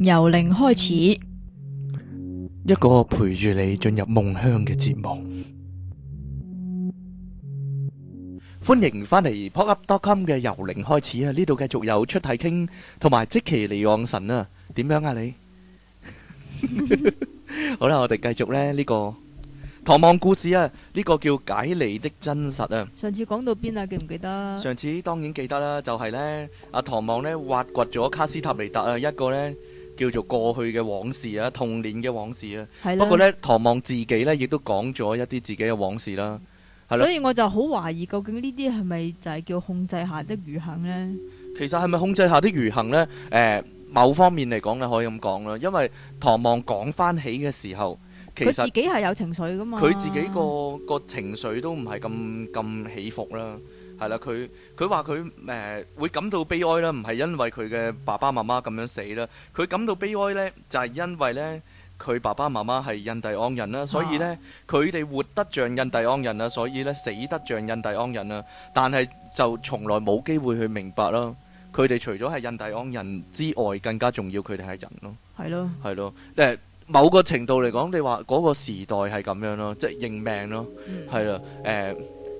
由零開始，一個陪住你進入夢鄉嘅節目。歡迎翻嚟 popup.com 嘅由零開始啊！呢度繼續有出題傾同埋即期離岸神啊！點樣啊你？ 好啦，我哋繼續呢呢、這個唐望故事啊！呢、這個叫解離的真實啊！上次講到邊啊？記唔記得？上次當然記得啦，就係、是、呢。阿唐望呢，挖掘咗卡斯塔尼達啊，一個呢。叫做過去嘅往事啊，童年嘅往事啊。的不過咧，唐望自己咧，亦都講咗一啲自己嘅往事啦、啊。係所以我就好懷疑，究竟呢啲係咪就係叫控制下的餘恆呢？其實係咪控制下的愚行呢？誒、呃，某方面嚟講你可以咁講啦。因為唐望講翻起嘅時候，其實佢自己係有情緒噶嘛。佢自己個個情緒都唔係咁咁起伏啦，係啦，佢。佢話佢誒會感到悲哀啦，唔係因為佢嘅爸爸媽媽咁樣死啦，佢感到悲哀呢就係因為呢佢爸爸媽媽係印第安人啦，所以呢佢哋活得像印第安人啦，所以呢死得像印第安人啦，但係就從來冇機會去明白咯，佢哋除咗係印第安人之外，更加重要佢哋係人咯，係咯，係咯，誒，某個程度嚟講，你話嗰個時代係咁樣咯，即係認命咯，係啦，誒。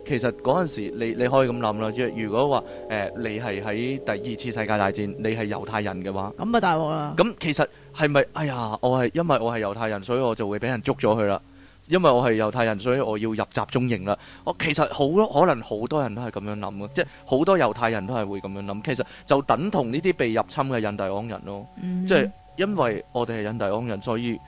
其實嗰陣時，你你可以咁諗啦，即如果話誒、呃，你係喺第二次世界大戰，你係猶太人嘅話，咁咪大鑊啦。咁其實係咪？哎呀，我係因為我係猶太人，所以我就會俾人捉咗佢啦。因為我係猶太人，所以我要入集中營啦。我其實好可能好多人都係咁樣諗嘅，即係好多猶太人都係會咁樣諗。其實就等同呢啲被入侵嘅印第安人咯。Mm hmm. 即係因為我哋係印第安人，所以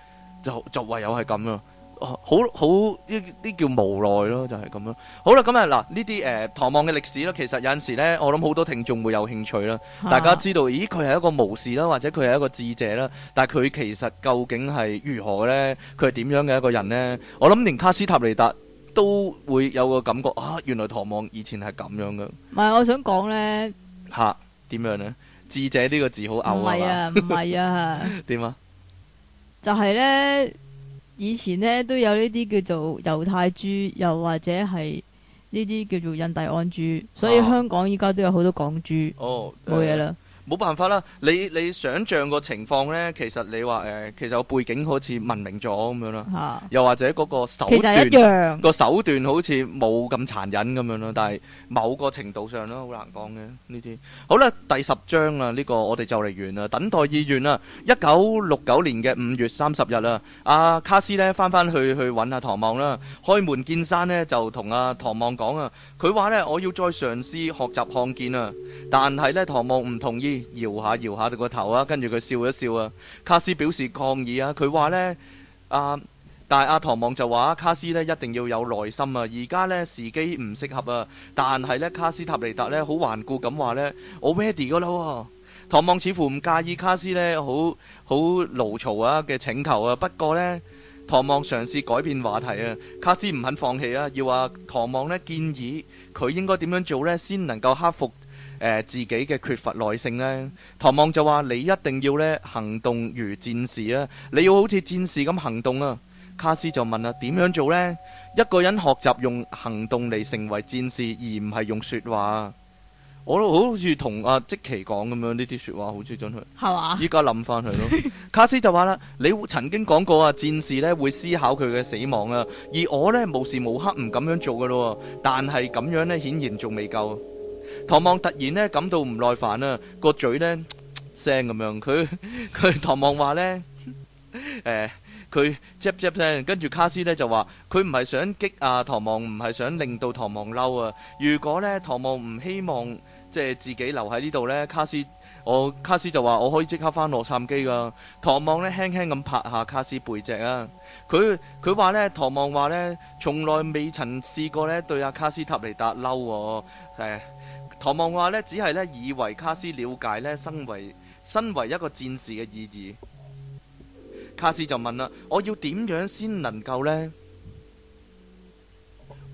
就就，就唯有係咁啊。啊、好好呢啲叫無奈咯，就係咁咯。好啦，咁啊嗱，呢啲誒，唐望嘅歷史咧，其實有陣時咧，我諗好多聽眾會有興趣啦。啊、大家知道，咦，佢係一個巫士啦，或者佢係一個智者啦，但係佢其實究竟係如何咧？佢係點樣嘅一個人呢？我諗連卡斯塔尼達都會有個感覺啊！原來唐望以前係咁樣嘅。唔係，我想講咧吓，點、啊、樣呢？智者呢個字好嘔啊！唔係啊，唔係 啊，點啊 ？就係咧。以前咧都有呢啲叫做猶太豬，又或者係呢啲叫做印第安豬，所以香港依家都有好多港豬，哦，冇嘢啦。冇辦法啦，你你想像個情況呢，其實你話誒，其實個背景好似文明咗咁樣啦，啊、又或者嗰個手段個手段好似冇咁殘忍咁樣咯，但係某個程度上咯，好難講嘅呢啲。好啦，第十章啊，呢、呢個我哋就嚟完啦，等待意願啦。一九六九年嘅五月三十日啊，阿、啊、卡斯呢，翻翻去去揾下唐望啦，開門見山呢，就同阿唐望講啊。佢話咧，我要再嘗試學習看見啊！但係呢，唐望唔同意，搖下搖下佢個頭啊，跟住佢笑一笑啊。卡斯表示抗議啊，佢話呢，啊，但係阿、啊、唐望就話、啊、卡斯咧一定要有耐心啊，而家呢，時機唔適合啊。但係呢，卡斯塔尼達呢，好頑固咁話呢：「我 ready 個啦，啊、唐望似乎唔介意卡斯呢好好勞嘈啊嘅請求啊，不過呢。唐望嘗試改變話題啊，卡斯唔肯放棄啊，要話唐望咧建議佢應該點樣做咧，先能夠克服誒、呃、自己嘅缺乏耐性咧。唐望就話：你一定要咧行動如戰士啊，你要好似戰士咁行動啊。卡斯就問啦、啊：點樣做呢？一個人學習用行動嚟成為戰士，而唔係用說話。我都好似同阿即奇講咁樣呢啲說話，好似真佢。係依家諗翻佢咯。 卡斯就話啦，你曾經講過啊，戰士咧會思考佢嘅死亡啊，而我咧無時無刻唔咁樣做噶咯。但係咁樣咧，顯然仲未夠啊。唐望突然咧感到唔耐煩啊，個嘴咧聲咁樣。佢佢唐望話咧，誒、 哎，佢 jap jap 聲，跟住卡斯咧就話，佢唔係想激啊唐望，唔係想令到唐望嬲啊。如果咧唐望唔希望。即係自己留喺呢度呢。卡斯，我卡斯就話我可以即刻返洛杉磯㗎。唐望呢輕輕咁拍下卡斯背脊啊，佢佢話呢，唐望話呢，從來未曾試過呢對阿卡斯塔尼達嬲喎。唐望話呢，只係呢以為卡斯了解呢身為身為一個戰士嘅意義。卡斯就問啦，「我要點樣先能夠呢？」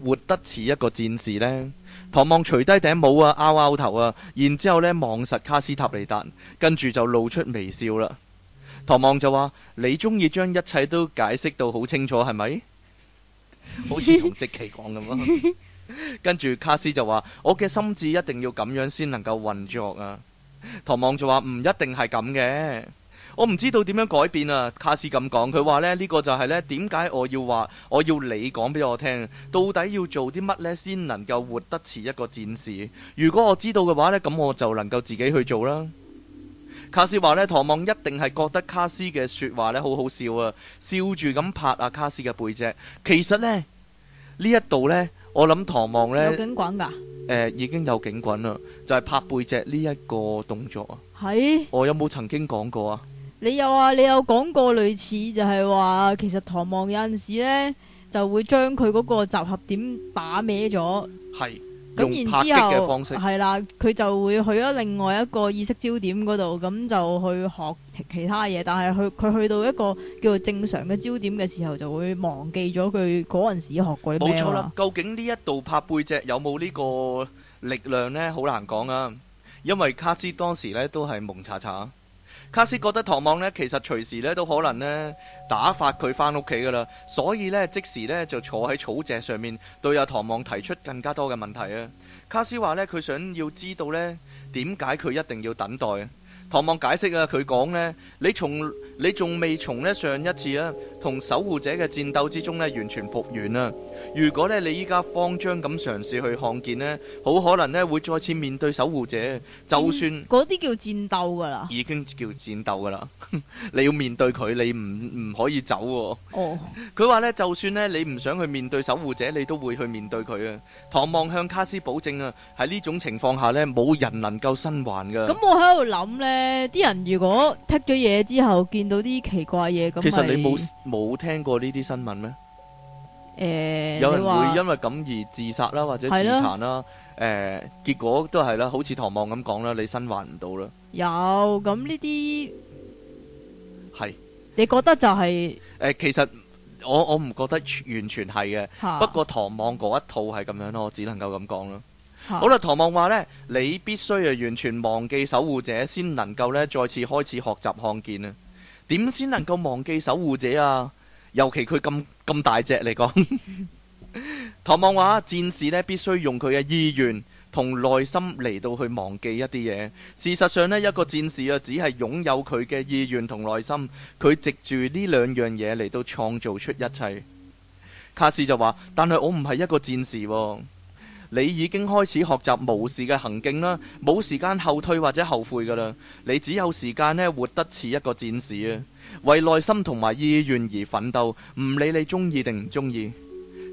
活得似一個戰士呢。唐望除低頂帽啊，拗拗頭啊，然之後咧望實卡斯塔尼達，跟住就露出微笑啦。唐望就話：你中意將一切都解釋到好清楚係咪？ 好似同即奇講咁咯。 跟住卡斯就話：我嘅心智一定要咁樣先能夠運作啊。唐望就話：唔一定係咁嘅。我唔知道點樣改變啊！卡斯咁講，佢話呢，呢個就係呢，點解我要話我要你講俾我聽，到底要做啲乜呢？先能夠活得似一個戰士？如果我知道嘅話呢，咁我就能夠自己去做啦。卡斯話呢，唐望一定係覺得卡斯嘅説話呢好好笑啊！笑住咁拍阿、啊、卡斯嘅背脊。其實呢，呢一度呢，我諗唐望呢，有警棍噶、呃。已經有警棍啦，就係、是、拍背脊呢一個動作啊。係是我有冇曾經講過啊？你有啊？你有講過類似就係話，其實唐望有陣時咧，就會將佢嗰個集合點把歪咗。係，咁然之後係啦，佢就會去咗另外一個意識焦點嗰度，咁就去學其他嘢。但係佢佢去到一個叫做正常嘅焦點嘅時候，就會忘記咗佢嗰陣時學過啲咩。冇錯啦，究竟呢一度拍背脊有冇呢個力量呢？好難講啊，因為卡斯當時呢都係蒙查查。卡斯覺得唐望咧，其實隨時咧都可能咧打發佢翻屋企㗎啦，所以咧即時咧就坐喺草席上面對阿唐望提出更加多嘅問題啊！卡斯話咧，佢想要知道咧點解佢一定要等待。唐望解釋啊，佢講呢：「你從你仲未從呢上一次啊同守護者嘅戰鬥之中呢，完全復原啊！如果呢你依家慌張咁嘗試去看見呢，好可能呢會再次面對守護者。戰就算嗰啲叫戰鬥噶啦，已經叫戰鬥噶啦， 你要面對佢，你唔唔可以走啊。哦，佢話呢：「就算呢你唔想去面對守護者，你都會去面對佢啊！唐望向卡斯保證啊，喺呢種情況下呢，冇人能夠生還噶。咁我喺度諗呢。誒，啲人如果剔咗嘢之後，見到啲奇怪嘢咁，其實你冇冇、就是、聽過呢啲新聞咩？誒、欸，有人會因為咁而自殺啦，或者自殘啦。誒的、欸，結果都係啦，好似唐望咁講啦，你生還唔到啦。有咁呢啲係你覺得就係、是、誒、呃，其實我我唔覺得完全係嘅，的不過唐望嗰一套係咁樣咯，我只能夠咁講咯。好啦，唐望話呢，你必須係完全忘記守護者，先能夠呢再次開始學習看見啊。點先能夠忘記守護者啊？尤其佢咁咁大隻嚟講。唐望話，戰士呢必須用佢嘅意願同內心嚟到去忘記一啲嘢。事實上呢，一個戰士啊只係擁有佢嘅意願同內心，佢藉住呢兩樣嘢嚟到創造出一切。卡斯就話，但係我唔係一個戰士喎。你已經開始學習無視嘅行徑啦，冇時間後退或者後悔噶啦，你只有時間呢，活得似一個戰士啊，為內心同埋意願而奮鬥，唔理你中意定唔中意。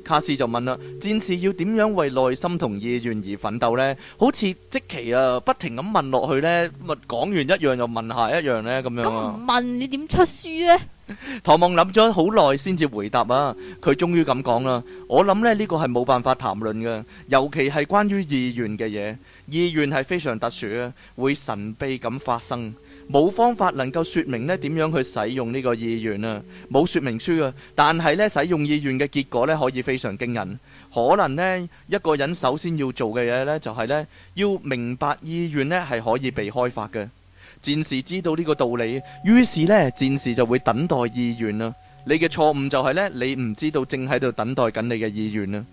卡斯就問啦，戰士要點樣為內心同意願而奮鬥呢？好似即奇啊，不停咁問落去呢，咪講完一樣又問一下一樣呢。咁樣、啊。咁唔問你點出書呢？」唐望諗咗好耐先至回答啊，佢終於咁講啦。我諗咧呢個係冇辦法談論嘅，尤其係關於意願嘅嘢，意願係非常特殊啊，會神秘咁發生。冇方法能夠說明咧點樣去使用呢個意願啊！冇說明書啊！但係咧使用意願嘅結果咧可以非常驚人。可能咧一個人首先要做嘅嘢咧就係咧要明白意願咧係可以被開發嘅。戰士知道呢個道理，於是咧戰士就會等待意願啦。你嘅錯誤就係咧你唔知道正喺度等待緊你嘅意願啦。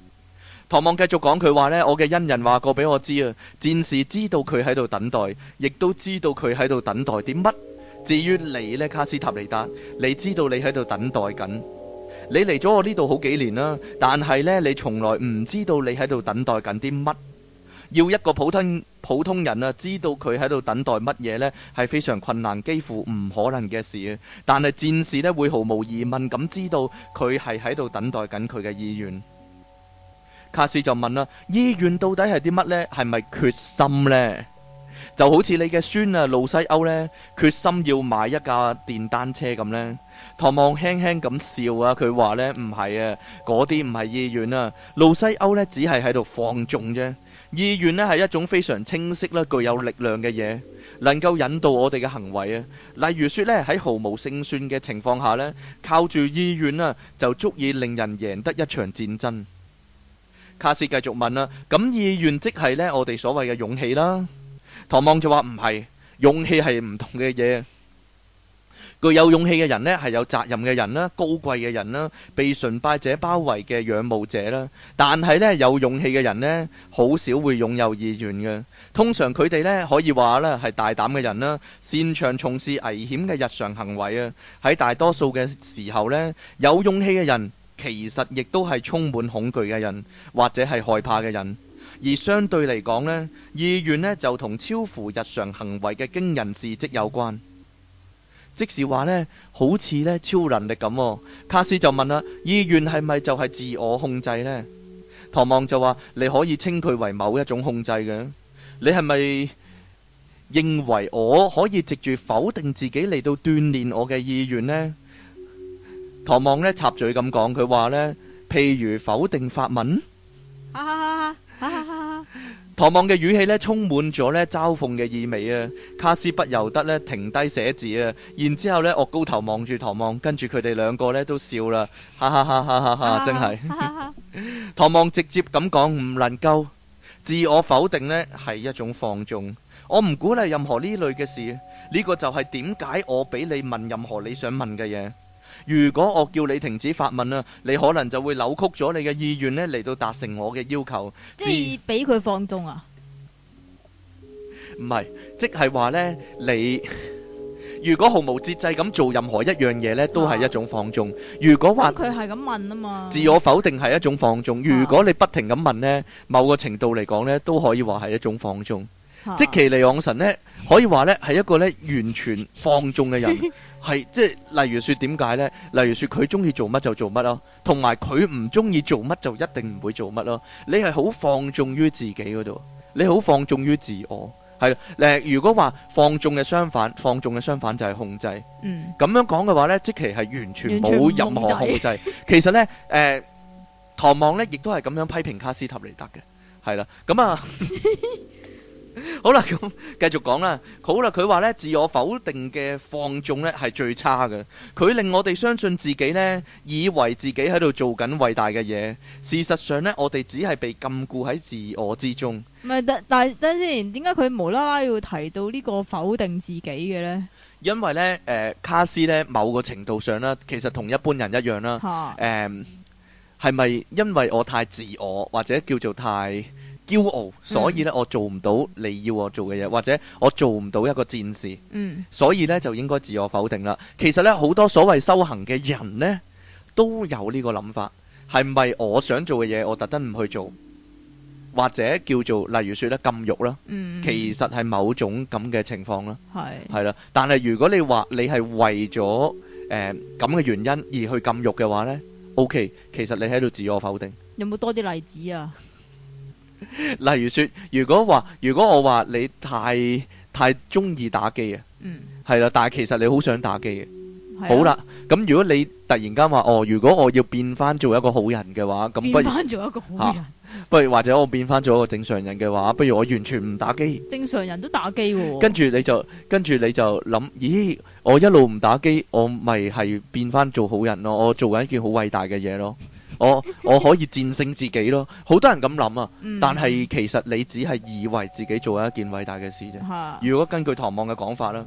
唐望繼續講佢話呢：「我嘅恩人話過俾我知啊，戰士知道佢喺度等待，亦都知道佢喺度等待啲乜。至於你呢，卡斯塔尼達，你知道你喺度等待緊，你嚟咗我呢度好幾年啦，但係呢，你從來唔知道你喺度等待緊啲乜。要一個普通普通人啊，知道佢喺度等待乜嘢呢，係非常困難，幾乎唔可能嘅事啊。但係戰士呢，會毫無疑問咁知道佢係喺度等待緊佢嘅意願。卡斯就問啦：意願到底係啲乜呢？係咪決心呢？就好似你嘅孫啊，路西歐呢，決心要買一架電單車咁呢。唐望輕輕咁笑啊，佢話呢唔係啊，嗰啲唔係意願啊，路西歐呢只係喺度放縱啫。意願呢係一種非常清晰啦，具有力量嘅嘢，能夠引導我哋嘅行為啊。例如說呢，喺毫無勝算嘅情況下呢，靠住意願啊，就足以令人贏得一場戰爭。卡斯繼續問啦，咁意願即係咧我哋所謂嘅勇氣啦。唐望就話唔係，勇氣係唔同嘅嘢。具有勇氣嘅人咧係有責任嘅人啦，高貴嘅人啦，被崇拜者包圍嘅仰慕者啦。但係咧有勇氣嘅人咧，好少會擁有意願嘅。通常佢哋咧可以話咧係大膽嘅人啦，擅長從事危險嘅日常行為啊。喺大多數嘅時候咧，有勇氣嘅人，其實亦都係充滿恐懼嘅人，或者係害怕嘅人。而相對嚟講呢，意願呢就同超乎日常行為嘅驚人事蹟有關。即使話呢好似呢超能力咁。卡斯就問啦：「意願係咪就係自我控制呢？」唐望就話：「你可以稱佢為某一種控制嘅。你係咪認為我可以藉住否定自己嚟到鍛煉我嘅意願呢？」唐望咧，插嘴咁講，佢話呢：「譬如否定法文。」唐 望嘅語氣咧充滿咗咧嘲諷嘅意味啊！卡斯不由得咧停低寫字啊！然之後咧我高頭望住唐望，跟住佢哋兩個咧都笑啦！哈哈哈！哈哈哈！真係。唐望直接咁講，唔能夠自我否定呢，係一種放縱，我唔鼓勵任何呢類嘅事。呢、這個就係點解我俾你問任何你想問嘅嘢。如果我叫你停止發問啊，你可能就會扭曲咗你嘅意願呢，嚟到達成我嘅要求。即係俾佢放縱啊？唔係，即係話呢，你如果毫無節制咁做任何一樣嘢呢，都係一種放縱。如果話佢係咁問啊嘛，自我否定係一種放縱。如果你不停咁問呢，某個程度嚟講呢，都可以話係一種放縱。 即其嚟往神咧，可以話咧係一個咧完全放縱嘅人，係 即係例如說，點解咧？例如說佢中意做乜就做乜咯，同埋佢唔中意做乜就一定唔會做乜咯。你係好放縱於自己嗰度，你好放縱於自我，係啦。誒，如果話放縱嘅相反，放縱嘅相反就係控制。嗯，咁樣講嘅話咧，即其係完全冇任何控制。控制 其實咧，誒、呃，唐望咧亦都係咁樣批評卡斯塔尼達嘅，係啦。咁啊。 好啦，咁繼續講啦。好啦，佢話呢，自我否定嘅放縱呢係最差嘅，佢令我哋相信自己呢，以為自己喺度做緊偉大嘅嘢，事實上呢，我哋只係被禁錮喺自我之中。唔係，但但等先，點解佢無啦啦要提到呢個否定自己嘅呢？因為呢，誒、呃，卡斯呢，某個程度上呢，其實同一般人一樣啦。吓哈，誒、呃，係咪因為我太自我或者叫做太？嗯驕傲，所以咧我做唔到你要我做嘅嘢，或者我做唔到一個戰士，所以咧就應該自我否定啦。其實咧好多所謂修行嘅人咧都有呢個諗法，係咪我想做嘅嘢我特登唔去做，或者叫做例如說咧禁欲啦，其實係某種咁嘅情況啦，係係啦。但係如果你話你係為咗誒咁嘅原因而去禁欲嘅話咧，OK，其實你喺度自我否定。有冇多啲例子啊？ 例如說，如果話如果我話你太太中意打機啊，係啦、嗯，但係其實你好想打機嘅，的好啦，咁如果你突然間話哦，如果我要變翻做一個好人嘅話，咁變翻做一個好人，啊、不如或者我變翻做一個正常人嘅話，不如我完全唔打機，正常人都打機喎，跟住你就跟住你就諗，咦，我一路唔打機，我咪係變翻做好人咯，我做緊一件好偉大嘅嘢咯。我我可以戰勝自己咯，好多人咁諗啊，但係其實你只係以為自己做一件偉大嘅事啫。如果根據唐望嘅講法啦，啊，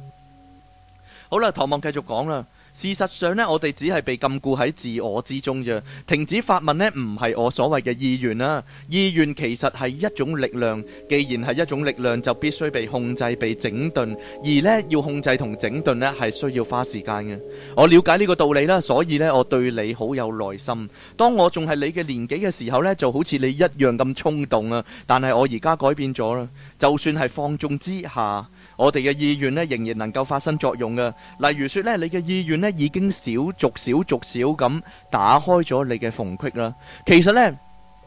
好啦，唐望繼續講啦。事實上咧，我哋只係被禁錮喺自我之中啫。停止發問咧，唔係我所謂嘅意願啦。意願其實係一種力量，既然係一種力量，就必須被控制、被整頓。而咧要控制同整頓咧，係需要花時間嘅。我了解呢個道理啦，所以咧我對你好有耐心。當我仲係你嘅年紀嘅時候咧，就好似你一樣咁衝動啊。但係我而家改變咗啦。就算係放縱之下，我哋嘅意願咧仍然能夠發生作用嘅。例如説咧，你嘅意願咧已經少逐少逐少咁打開咗你嘅縫隙啦。其實呢，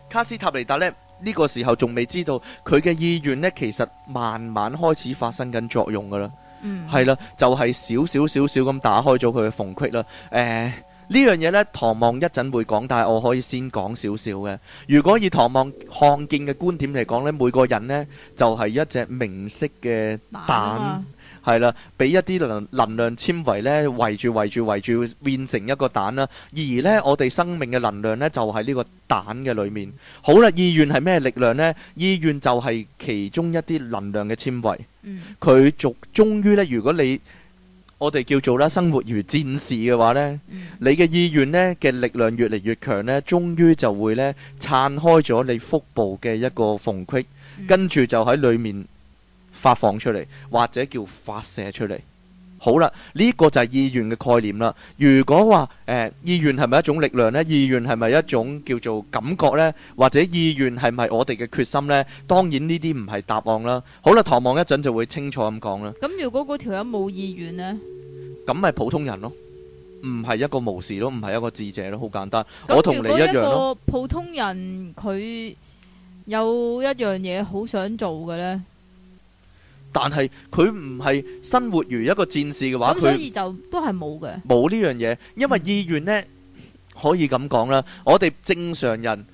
卡斯塔尼達呢，呢、呢個時候仲未知道佢嘅意願呢，其實慢慢開始發生緊作用噶啦。嗯，係啦，就係少少少少咁打開咗佢嘅縫隙啦。誒、呃，呢樣嘢呢，唐望一陣會講，但係我可以先講少少嘅。如果以唐望看見嘅觀點嚟講呢，每個人呢，就係、係、一隻明色嘅蛋。係啦，俾一啲能能量纖維咧圍住圍住圍住，變成一個蛋啦。而呢，我哋生命嘅能量咧就喺呢個蛋嘅裏面。好啦，意願係咩力量呢？意願就係其中一啲能量嘅纖維。佢逐終於咧，如果你我哋叫做啦，生活如戰士嘅話呢，你嘅意願呢嘅力量越嚟越強呢，終於就會呢撐開咗你腹部嘅一個縫隙，跟住就喺裏面。發放出嚟或者叫發射出嚟，好啦，呢個就係意願嘅概念啦。如果話誒意願係咪一種力量咧？意願係咪一種叫做感覺咧？或者意願係咪我哋嘅決心咧？當然呢啲唔係答案啦。好啦，唐望一陣就會清楚咁講啦。咁如果嗰條友冇意願咧，咁咪普通人咯，唔係一個巫士咯，唔係一個智者咯，好簡單。我同你一樣咯。普通人佢有一樣嘢好想做嘅咧。但係佢唔係生活於一個戰士嘅話，咁所以就都係冇嘅。冇呢樣嘢，因為意願呢可以咁講啦。我哋正常人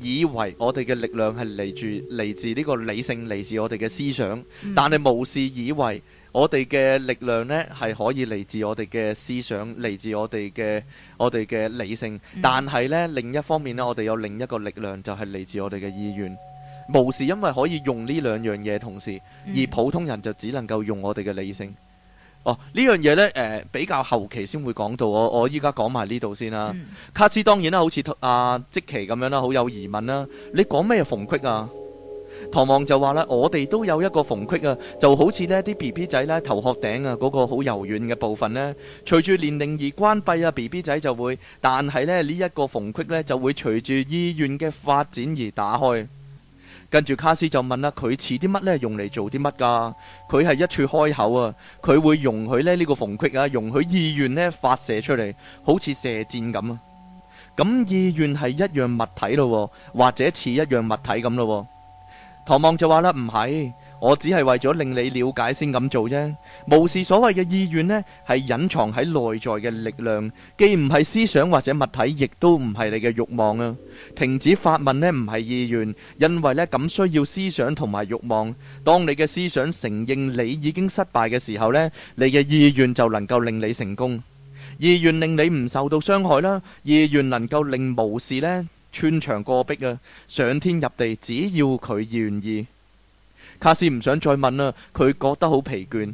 以為我哋嘅力量係嚟住，嚟自呢個理性，嚟自我哋嘅思想。但係無視以為我哋嘅力量呢係可以嚟自我哋嘅思想，嚟自我哋嘅我哋嘅理性。但係呢另一方面呢，我哋有另一個力量就係嚟自我哋嘅意願。無視，因為可以用呢兩樣嘢，同時而普通人就只能夠用我哋嘅理性。嗯、哦，呢樣嘢呢，誒、呃、比較後期先會講到。我我依家講埋呢度先啦。嗯、卡斯當然啦，好似阿積奇咁樣啦，好有疑問啦。你講咩縫隙啊？唐望就話咧，我哋都有一個縫隙啊，就好似呢啲 B B 仔咧頭殼頂啊嗰、那個好柔軟嘅部分呢，隨住年齡而關閉啊。B B 仔就會，但係咧呢一個縫隙呢，就會隨住意願嘅發展而打開。跟住卡斯就問啦，佢似啲乜呢？用嚟做啲乜噶？佢係一處開口啊，佢會容許咧，呢、呢個縫隙啊，容許意願呢，發射出嚟，好似射箭咁啊。咁意願係一樣物體咯，或者似一樣物體咁咯。唐望就話啦，唔係。我只係為咗令你了解先咁做啫。無視所謂嘅意願呢，係隱藏喺內在嘅力量，既唔係思想或者物體，亦都唔係你嘅欲望啊。停止發問呢，唔係意願，因為呢咁需要思想同埋欲望。當你嘅思想承認你已經失敗嘅時候呢，你嘅意願就能夠令你成功。意願令你唔受到傷害啦，意願能夠令無視呢穿牆過壁啊，上天入地，只要佢願意。卡斯唔想再問啦，佢覺得好疲倦，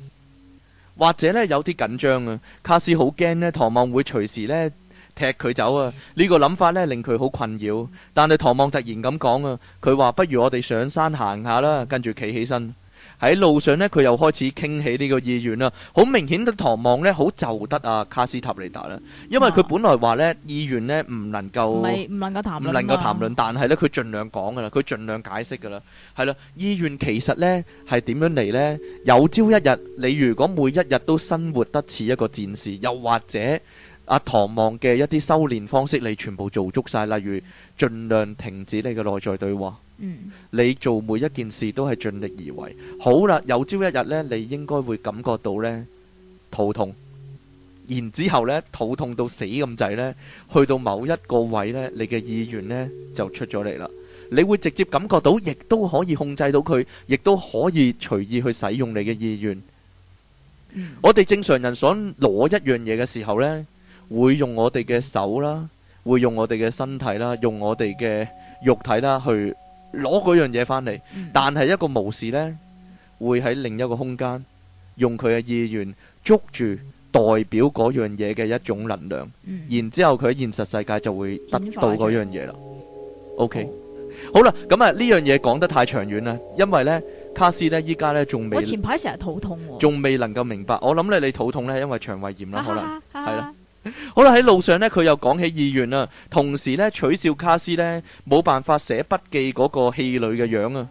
或者咧有啲緊張啊。卡斯好驚咧，唐望會隨時咧踢佢走啊。這個、呢個諗法咧令佢好困擾，但係唐望突然咁講啊，佢話不如我哋上山行下啦，跟住企起身。喺路上呢，佢又開始傾起呢個意願啦，好明顯嘅唐望呢，好就得阿、啊、卡斯塔尼達啦，因為佢本來話呢，意願呢唔能夠，唔能夠談、啊，唔能夠談論，但係呢，佢盡量講噶啦，佢盡量解釋噶啦，係啦，意願其實呢係點樣嚟呢？有朝一日你如果每一日都生活得似一個戰士，又或者。阿唐望嘅一啲修煉方式，你全部做足晒，例如盡量停止你嘅內在對話，你做每一件事都係盡力而為。好啦，有朝一日咧，你應該會感覺到咧，肚痛，然之後咧，肚痛到死咁滯咧，去到某一個位咧，你嘅意願咧就出咗嚟啦。你會直接感覺到，亦都可以控制到佢，亦都可以隨意去使用你嘅意願。我哋正常人想攞一樣嘢嘅時候咧。會用我哋嘅手啦，會用我哋嘅身體啦，用我哋嘅肉體啦，去攞嗰樣嘢翻嚟。但係一個巫師咧，會喺另一個空間，用佢嘅意願捉住代表嗰樣嘢嘅一種能量，然之後佢喺現實世界就會得到嗰樣嘢啦。OK，好啦，咁啊呢樣嘢講得太長遠啦，因為咧卡斯咧依家咧仲未我前排成日肚痛，仲未能夠明白。我諗你，你肚痛咧，因為腸胃炎啦，可能係啦。好啦，喺路上呢，佢又講起意願啊，同時呢，取笑卡斯呢冇辦法寫筆記嗰個氣餒嘅樣啊。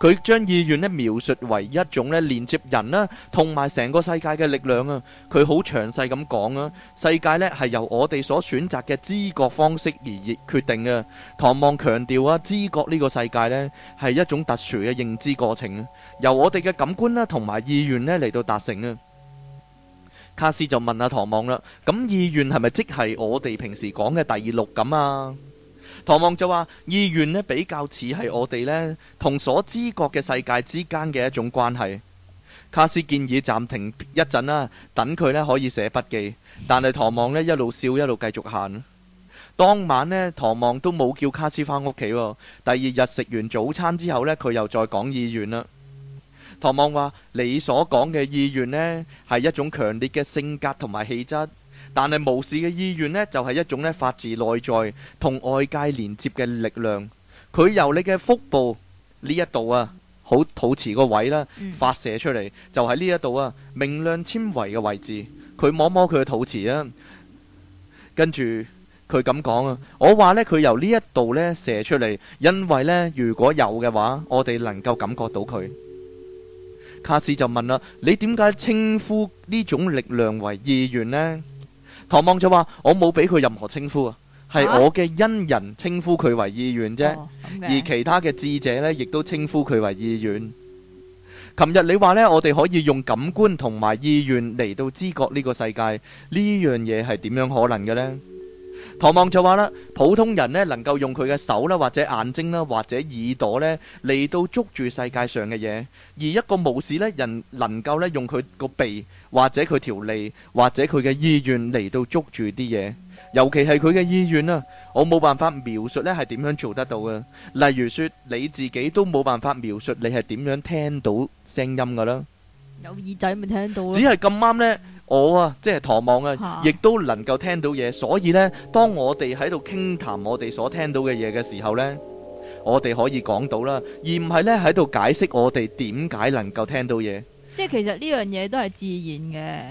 佢將意願呢描述為一種呢連接人啦同埋成個世界嘅力量啊。佢好詳細咁講啊，世界呢係由我哋所選擇嘅知覺方式而決定啊。唐望強調啊，知覺呢個世界呢，係一種特殊嘅認知過程啊，由我哋嘅感官啦同埋意願呢嚟到達成啊。卡斯就問阿唐望啦，咁意願係咪即係我哋平時講嘅第六感咁啊？唐望就話意願呢比較似係我哋呢同所知覺嘅世界之間嘅一種關係。卡斯建議暫停一陣啦，等佢呢可以寫筆記。但係唐望呢一路笑一路繼續行。當晚呢，唐望都冇叫卡斯返屋企。第二日食完早餐之後呢，佢又再講意願啦。唐望話：你所講嘅意願呢，係一種強烈嘅性格同埋氣質；但係無視嘅意願呢，就係、是、一種咧發自內在同外界連接嘅力量。佢由你嘅腹部呢一度啊，好肚臍個位啦，發射出嚟，嗯、就喺呢一度啊，明亮纖維嘅位置。佢摸摸佢嘅肚臍啊，跟住佢咁講啊。我話呢，佢由呢一度呢射出嚟，因為呢，如果有嘅話，我哋能夠感覺到佢。卡斯就問啦：你點解稱呼呢種力量為意願呢？唐望就話：我冇俾佢任何稱呼啊，係我嘅恩人稱呼佢為意願啫。而其他嘅智者呢，亦都稱呼佢為意願。琴日你話呢，我哋可以用感官同埋意願嚟到知覺呢個世界，呢樣嘢係點樣可能嘅呢？唐望就話啦，普通人呢能夠用佢嘅手啦，或者眼睛啦，或者耳朵呢嚟到捉住世界上嘅嘢；而一個巫師呢，人能夠呢用佢個鼻，或者佢條脷，或者佢嘅意願嚟到捉住啲嘢。尤其係佢嘅意願啊，我冇辦法描述呢係點樣做得到嘅。例如說你自己都冇辦法描述你係點樣聽到聲音噶啦。有耳仔咪聽到咯，只係咁啱呢，我啊即係唐望啊，亦都能夠聽到嘢，所以呢，當我哋喺度傾談我哋所聽到嘅嘢嘅時候呢，我哋可以講到啦，而唔係呢喺度解釋我哋點解能夠聽到嘢。即係其實呢樣嘢都係自然嘅，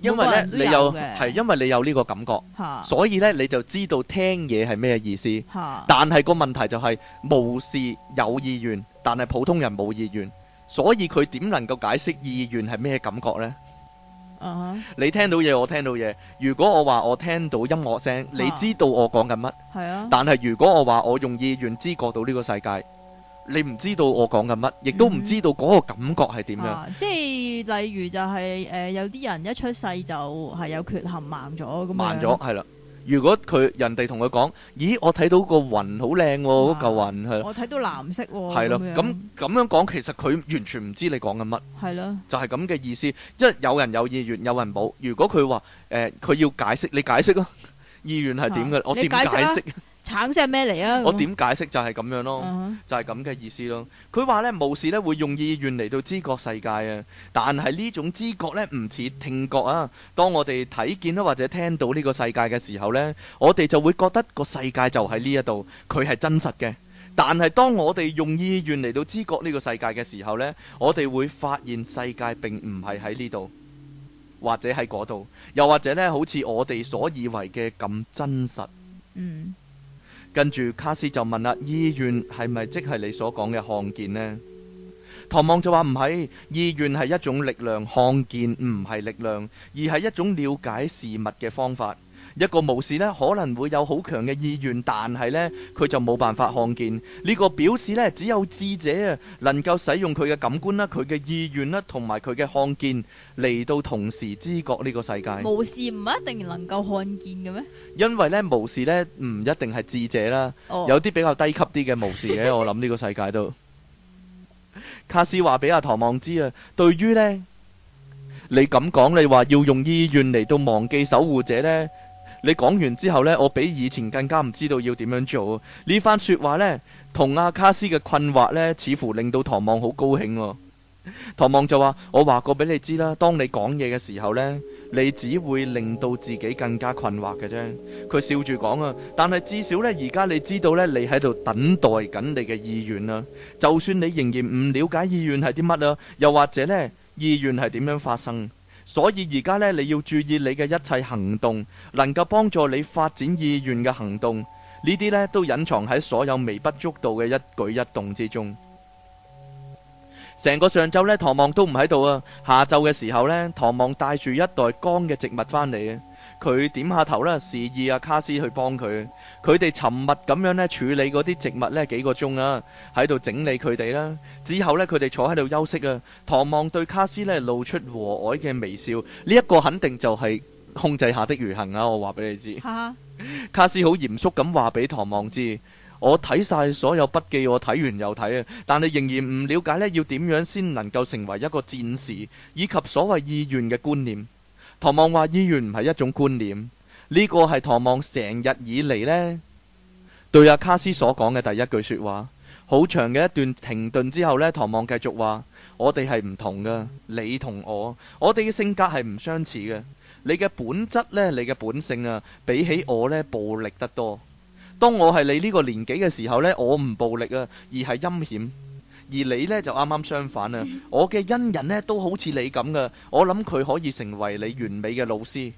因為呢你有係，因為你有呢個感覺，所以呢你就知道聽嘢係咩意思。但係個問題就係，無視有意願，但係普通人冇意願。所以佢點能夠解釋意願係咩感覺呢？啊！你聽到嘢，我聽到嘢。如果我話我聽到音樂聲，你知道我講緊乜？係啊。但係如果我話我用意願知覺到呢個世界，你唔知道我講緊乜，亦都唔知道嗰個感覺係點樣。即係例如就係誒，有啲人一出世就係有缺陷盲咗咁樣。盲咗係啦。如果佢人哋同佢講，咦，我睇到個雲好靚喎，嗰嚿、啊、雲我睇到藍色喎、啊，係咯的，咁咁樣講，其實佢完全唔知你講緊乜，係咯的，就係咁嘅意思，即、就、係、是、有人有意願，有人冇。如果佢話誒，佢、呃、要解釋，你解釋咯，意願係點嘅，啊、我點解釋,解釋、啊？橙色係咩嚟啊？我點解釋就係咁樣咯，uh huh. 就係咁嘅意思咯。佢話咧，無事咧會用意願嚟到知覺世界啊。但係呢種知覺呢唔似聽覺啊。當我哋睇見啦或者聽到呢個世界嘅時候呢，我哋就會覺得個世界就喺呢一度，佢係真實嘅。但係當我哋用意願嚟到知覺呢個世界嘅時候呢，我哋會發現世界並唔係喺呢度，或者喺嗰度，又或者呢好似我哋所以為嘅咁真實。嗯。跟住卡斯就問啦，意願係咪即係你所講嘅看見呢？唐望就話唔係，意願係一種力量，看見唔係力量，而係一種了解事物嘅方法。一個巫士咧，可能會有好強嘅意願，但係咧佢就冇辦法看見。呢個表示咧，只有智者啊，能夠使用佢嘅感官啦，佢嘅意願啦，同埋佢嘅看見嚟到同時知覺呢個世界。巫士唔係一定能夠看見嘅咩？因為咧，巫士咧唔一定係智者啦，有啲比較低級啲嘅巫士嘅。我諗呢個世界都卡斯話俾阿唐望知啊。對於咧，你咁講，你話要用意願嚟到忘記守護者咧？你講完之後呢，我比以前更加唔知道要點樣做啊。呢番說話呢，同阿卡斯嘅困惑呢，似乎令到唐望好高興啊。唐望就話：我話過俾你知啦，當你講嘢嘅時候呢，你只會令到自己更加困惑嘅啫。佢笑住講啊，但係至少呢，而家你知道呢，你喺度等待緊你嘅意願啊。就算你仍然唔了解意願係啲乜啊，又或者呢，意願係點樣發生？所以而家呢，你要注意你嘅一切行動，能夠幫助你發展意願嘅行動，呢啲呢都隱藏喺所有微不足道嘅一舉一動之中。成個上晝呢，唐望都唔喺度啊。下晝嘅時候呢，唐望帶住一袋乾嘅植物返嚟啊。佢點下頭啦，示意阿、啊、卡斯去幫佢。佢哋沉默咁樣咧處理嗰啲植物咧幾個鐘啊，喺度整理佢哋啦。之後咧佢哋坐喺度休息啊。唐望對卡斯咧露出和藹嘅微笑。呢、這、一個肯定就係控制下的愚行啊！我話俾你知。啊、卡斯好嚴肅咁話俾唐望知，我睇晒所有筆記，我睇完又睇啊。但係仍然唔了解咧，要點樣先能夠成為一個戰士，以及所謂意願嘅觀念。唐望話：意願唔係一種觀念，呢個係唐望成日以嚟咧對阿卡斯所講嘅第一句說話。好長嘅一段停頓之後呢，唐望繼續話：我哋係唔同㗎，你同我，我哋嘅性格係唔相似嘅。你嘅本質呢，你嘅本性啊，比起我呢暴力得多。當我係你呢個年紀嘅時候呢，我唔暴力啊，而係陰險。而你咧，就啱啱相反啊！我嘅恩人咧，都好似你咁嘅，我諗佢可以成為你完美嘅老師。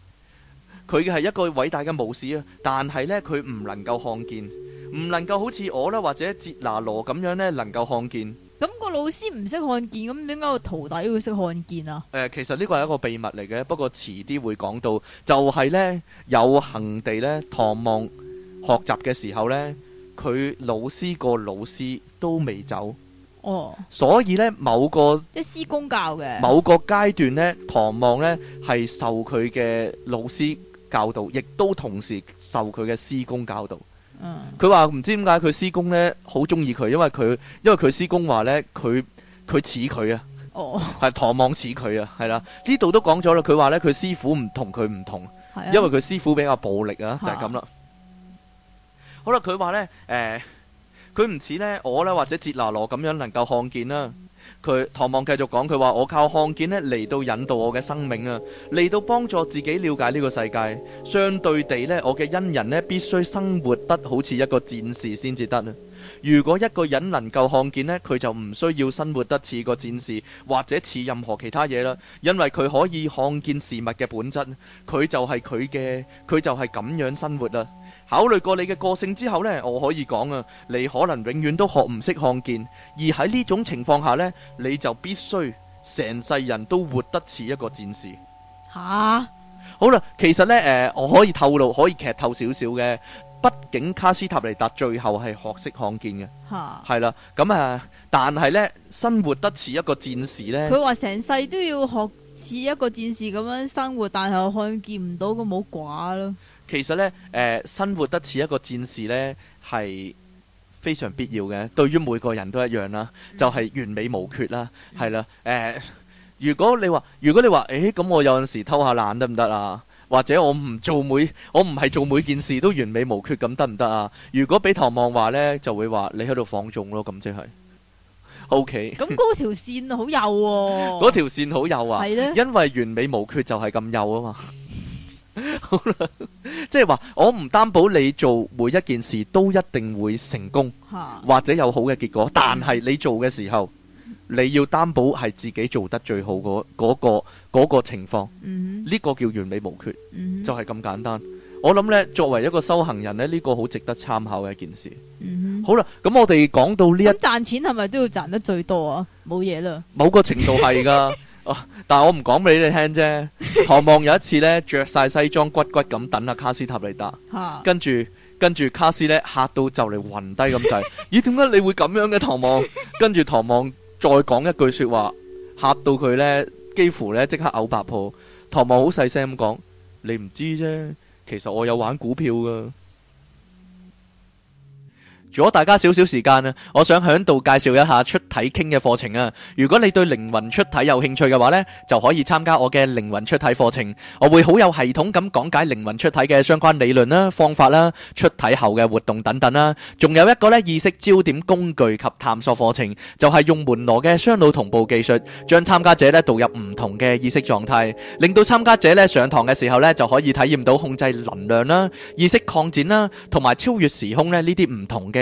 佢嘅係一個偉大嘅巫師啊，但係咧佢唔能夠看見，唔能夠好似我啦或者哲拿羅咁樣咧能夠看見。咁個老師唔識看見，咁點解個徒弟會識看見啊？誒，其實呢個係一個秘密嚟嘅，不過遲啲會講到。就係咧，有幸地咧，唐望學習嘅時候咧，佢老師個老師都未走。哦，所以咧，某個即係師公教嘅，某個階段咧，唐望咧係受佢嘅老師教導，亦都同時受佢嘅師公教導。嗯，佢話唔知點解佢師公咧好中意佢，因為佢因為佢師公話咧，佢佢似佢啊，哦，係唐望似佢啊，係啦，呢度都講咗啦。佢話咧，佢師傅唔同佢唔同，因為佢師傅比較暴力、就是、啊，就係咁啦。好啦，佢話咧，誒。佢唔似呢我呢，或者哲拿羅咁樣能夠看見啦、啊。佢唐望繼續講佢話：我靠看見呢嚟到引導我嘅生命啊，嚟到幫助自己了解呢個世界。相對地呢，我嘅恩人呢必須生活得好似一個戰士先至得。如果一個人能夠看見呢，佢就唔需要生活得似個戰士或者似任何其他嘢啦，因為佢可以看見事物嘅本質。佢就係佢嘅，佢就係咁樣生活啦。考慮過你嘅個性之後呢，我可以講啊，你可能永遠都學唔識看見，而喺呢種情況下呢，你就必須成世人都活得似一個戰士。吓哈，好啦，其實呢，誒、呃，我可以透露，可以劇透少少嘅，畢竟卡斯塔尼達最後係學識看見嘅。吓哈，係啦，咁、嗯、啊，但係呢，生活得似一個戰士呢，佢話成世都要學似一個戰士咁樣生活，但係看見唔到，咁好寡咯。其實咧，誒、呃、生活得似一個戰士咧，係非常必要嘅。對於每個人都一樣啦，就係、是、完美無缺啦，係、嗯、啦。誒、呃，如果你話，如果你話，誒、欸、咁，我有陣時偷下懶得唔得啊？或者我唔做每，我唔係做每件事都完美無缺咁得唔得啊？如果俾唐望話咧，就會話你喺度放縱咯，咁即係。O、okay. K、嗯。咁、嗯、嗰、那個、條線好幼喎、哦。嗰 條線好幼啊。係咧呢。因為完美無缺就係咁幼啊嘛。 好啦，即係話我唔擔保你做每一件事都一定會成功，或者有好嘅結果。但係你做嘅時候，mm hmm. 你要擔保係自己做得最好嗰、嗰、嗰個、嗰個情況，呢、mm hmm. 個叫完美無缺，mm hmm. 就係咁簡單。我諗呢，作為一個修行人呢，呢、呢個好值得參考嘅一件事。Mm hmm. 好啦，咁我哋講到呢一賺錢係咪都要賺得最多啊？冇嘢啦，某個程度係噶。 啊，但係我唔講俾你聽啫。唐望 有一次呢，着晒西裝骨骨咁等阿卡斯塔嚟打， 跟住跟住卡斯呢，吓到就嚟暈低咁滯。 咦，點解你會咁樣嘅唐望？ 跟住唐望再講一句說話，吓到佢呢，幾乎呢即刻嘔白泡。唐望好細聲咁講， 你唔知啫。其實我有玩股票噶。攞大家少少時間啊，我想喺度介紹一下出體傾嘅課程啊！如果你對靈魂出體有興趣嘅話咧，就可以參加我嘅靈魂出體課程。我會好有系統咁講解靈魂出體嘅相關理論啦、方法啦、出體後嘅活動等等啦。仲有一個咧意識焦點工具及探索課程，就係用門羅嘅雙腦同步技術，將參加者咧導入唔同嘅意識狀態，令到參加者咧上堂嘅時候咧就可以體驗到控制能量啦、意識擴展啦，同埋超越時空咧呢啲唔同嘅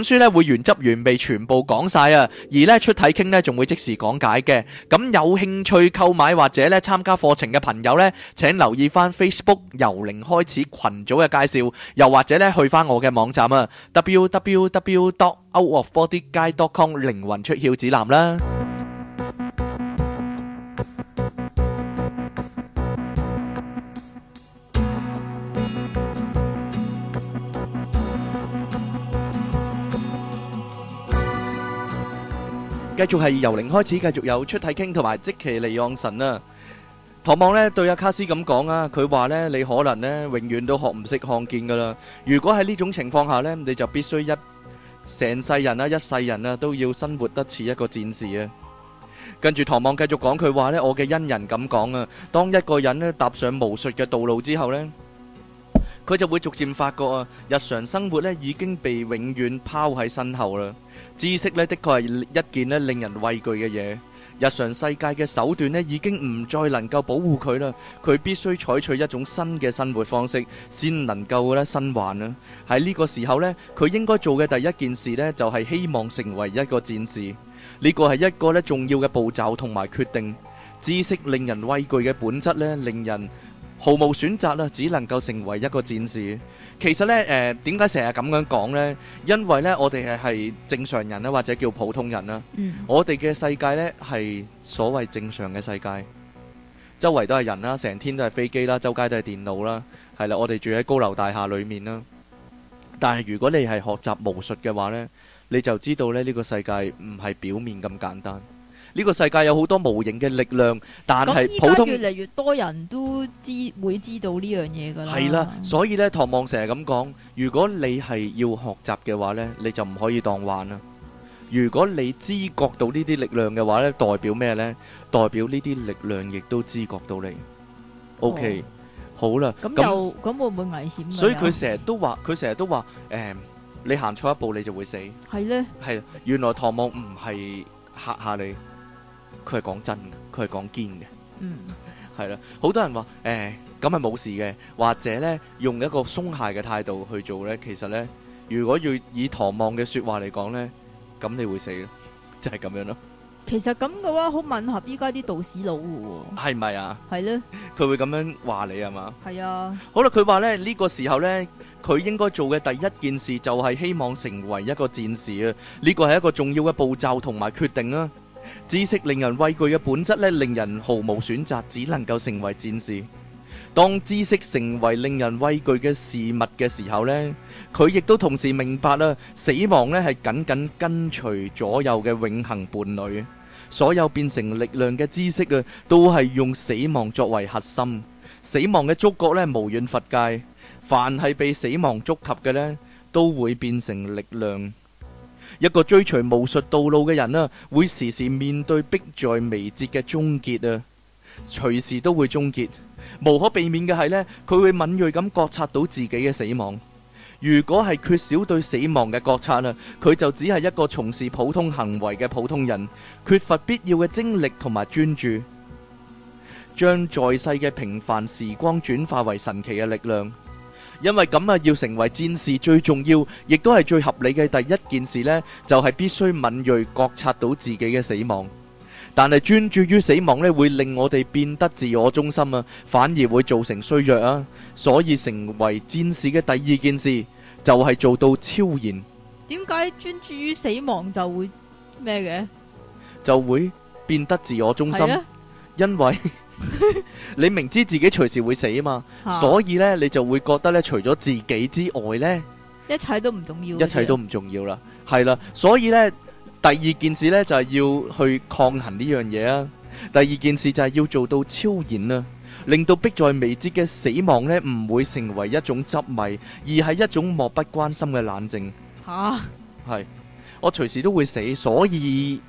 書咧會原汁原味全部講晒啊，而咧出體傾咧仲會即時講解嘅。咁有興趣購買或者咧參加課程嘅朋友咧，請留意翻 Facebook 由零開始群組嘅介紹，又或者咧去翻我嘅網站啊 www.outofbodyguide.com 靈魂出竅指南啦。繼續係由零開始，繼續有出體傾同埋即其利昂神啊！唐望咧對阿卡斯咁講啊，佢話咧你可能咧永遠都學唔識看見噶啦。如果喺呢種情況下咧，你就必須一成世人啦，一世人啦都要生活得似一個戰士啊！跟住唐望繼續講，佢話咧我嘅恩人咁講啊，當一個人咧踏上巫術嘅道路之後咧，佢就會逐漸發覺啊，日常生活咧已經被永遠拋喺身後啦。知識呢，的確係一件呢令人畏懼嘅嘢。日常世界嘅手段呢，已經唔再能夠保護佢啦。佢必須採取一種新嘅生活方式，先能夠呢生還啊！喺呢個時候呢，佢應該做嘅第一件事呢，就係希望成為一個戰士。呢個係一個呢重要嘅步驟同埋決定。知識令人畏懼嘅本質呢，令人，毫無選擇啦，只能夠成為一個戰士。其實呢，誒點解成日咁樣講呢？因為呢，我哋誒係正常人啦，或者叫普通人啦。嗯、我哋嘅世界呢，係所謂正常嘅世界，周圍都係人啦，成天都係飛機啦，周街都係電腦啦，係啦，我哋住喺高樓大廈裡面啦。但係如果你係學習巫術嘅話呢，你就知道咧呢、呢個世界唔係表面咁簡單。呢個世界有好多無形嘅力量，但係普通越嚟越多人都知會知道呢樣嘢噶啦。係啦，所以咧，唐望成日咁講，如果你係要學習嘅話咧，你就唔可以當玩啦。如果你知覺到呢啲力量嘅話咧，代表咩咧？代表呢啲力量亦都知覺到你。OK，好啦。咁就咁會唔會危險？所以佢成日都話，佢成日都話，誒，你行錯一步，你就會死。係咧，係，原來唐望唔係嚇下你。佢係講真嘅，佢係講堅嘅，嗯 係啦，好多人話誒，咁係冇事嘅，或者呢，用一個鬆懈嘅態度去做呢。其實呢，如果要以唐望嘅說話嚟講呢，咁你會死咯，就係、是、咁樣咯。其實咁嘅話好吻合依家啲道士佬喎，係咪啊？係咯，佢會咁樣話你係嘛？係啊。好啦，佢話呢，是啊、呢、這個時候呢，佢應該做嘅第一件事就係希望成為一個戰士啊！呢個係一個重要嘅步驟同埋決定啦、啊。知識令人畏懼嘅本質咧，令人毫無選擇，只能夠成為戰士。當知識成為令人畏懼嘅事物嘅時候呢，佢亦都同時明白啦、啊，死亡咧係緊緊跟隨左右嘅永恆伴侶。所有變成力量嘅知識啊，都係用死亡作為核心。死亡嘅觸角咧，無遠弗屆。凡係被死亡觸及嘅呢，都會變成力量。一個追隨巫術道路嘅人啊，會時時面對迫在眉睫嘅終結啊，隨時都會終結，無可避免嘅係咧，佢會敏銳咁覺察到自己嘅死亡。如果係缺少對死亡嘅覺察啦、啊，佢就只係一個從事普通行為嘅普通人，缺乏必要嘅精力同埋專注，將在世嘅平凡時光轉化為神奇嘅力量。因為咁啊，要成為戰士最重要，亦都係最合理嘅第一件事呢，就係必須敏銳覺察到自己嘅死亡。但係專注於死亡呢，會令我哋變得自我中心啊，反而會造成衰弱啊。所以成為戰士嘅第二件事，就係做到超然。點解專注於死亡就會咩嘅？就會變得自我中心，因為。 你明知自己隨時會死嘛，啊、所以咧，你就會覺得咧，除咗自己之外咧，一切都唔重要，一切都唔重要啦，係啦，所以咧第二件事咧，就係、是、要去抗衡呢樣嘢啊，第二件事就係要做到超然啊，令到迫在眉睫嘅死亡咧唔會成為一種執迷，而係一種漠不關心嘅冷靜。吓、啊，係我隨時都會死，所以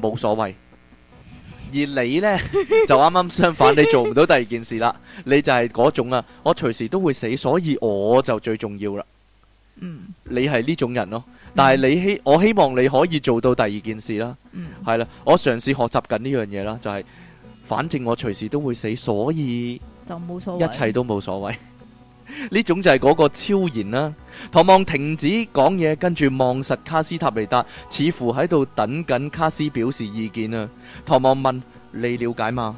冇所謂。而你呢，就啱啱相反， 你做唔到第二件事啦，你就係嗰種啊，我隨時都會死，所以我就最重要啦。嗯、你係呢種人咯，但係你希、嗯、我希望你可以做到第二件事啦。嗯，係啦，我嘗試學習緊呢樣嘢啦，就係、是、反正我隨時都會死，所以就冇所謂，一切都冇所謂。呢種就係嗰個超然啦，啊。唐望停止講嘢，跟住望實卡斯塔利達，似乎喺度等緊卡斯表示意見啊。唐望問：你了解嗎？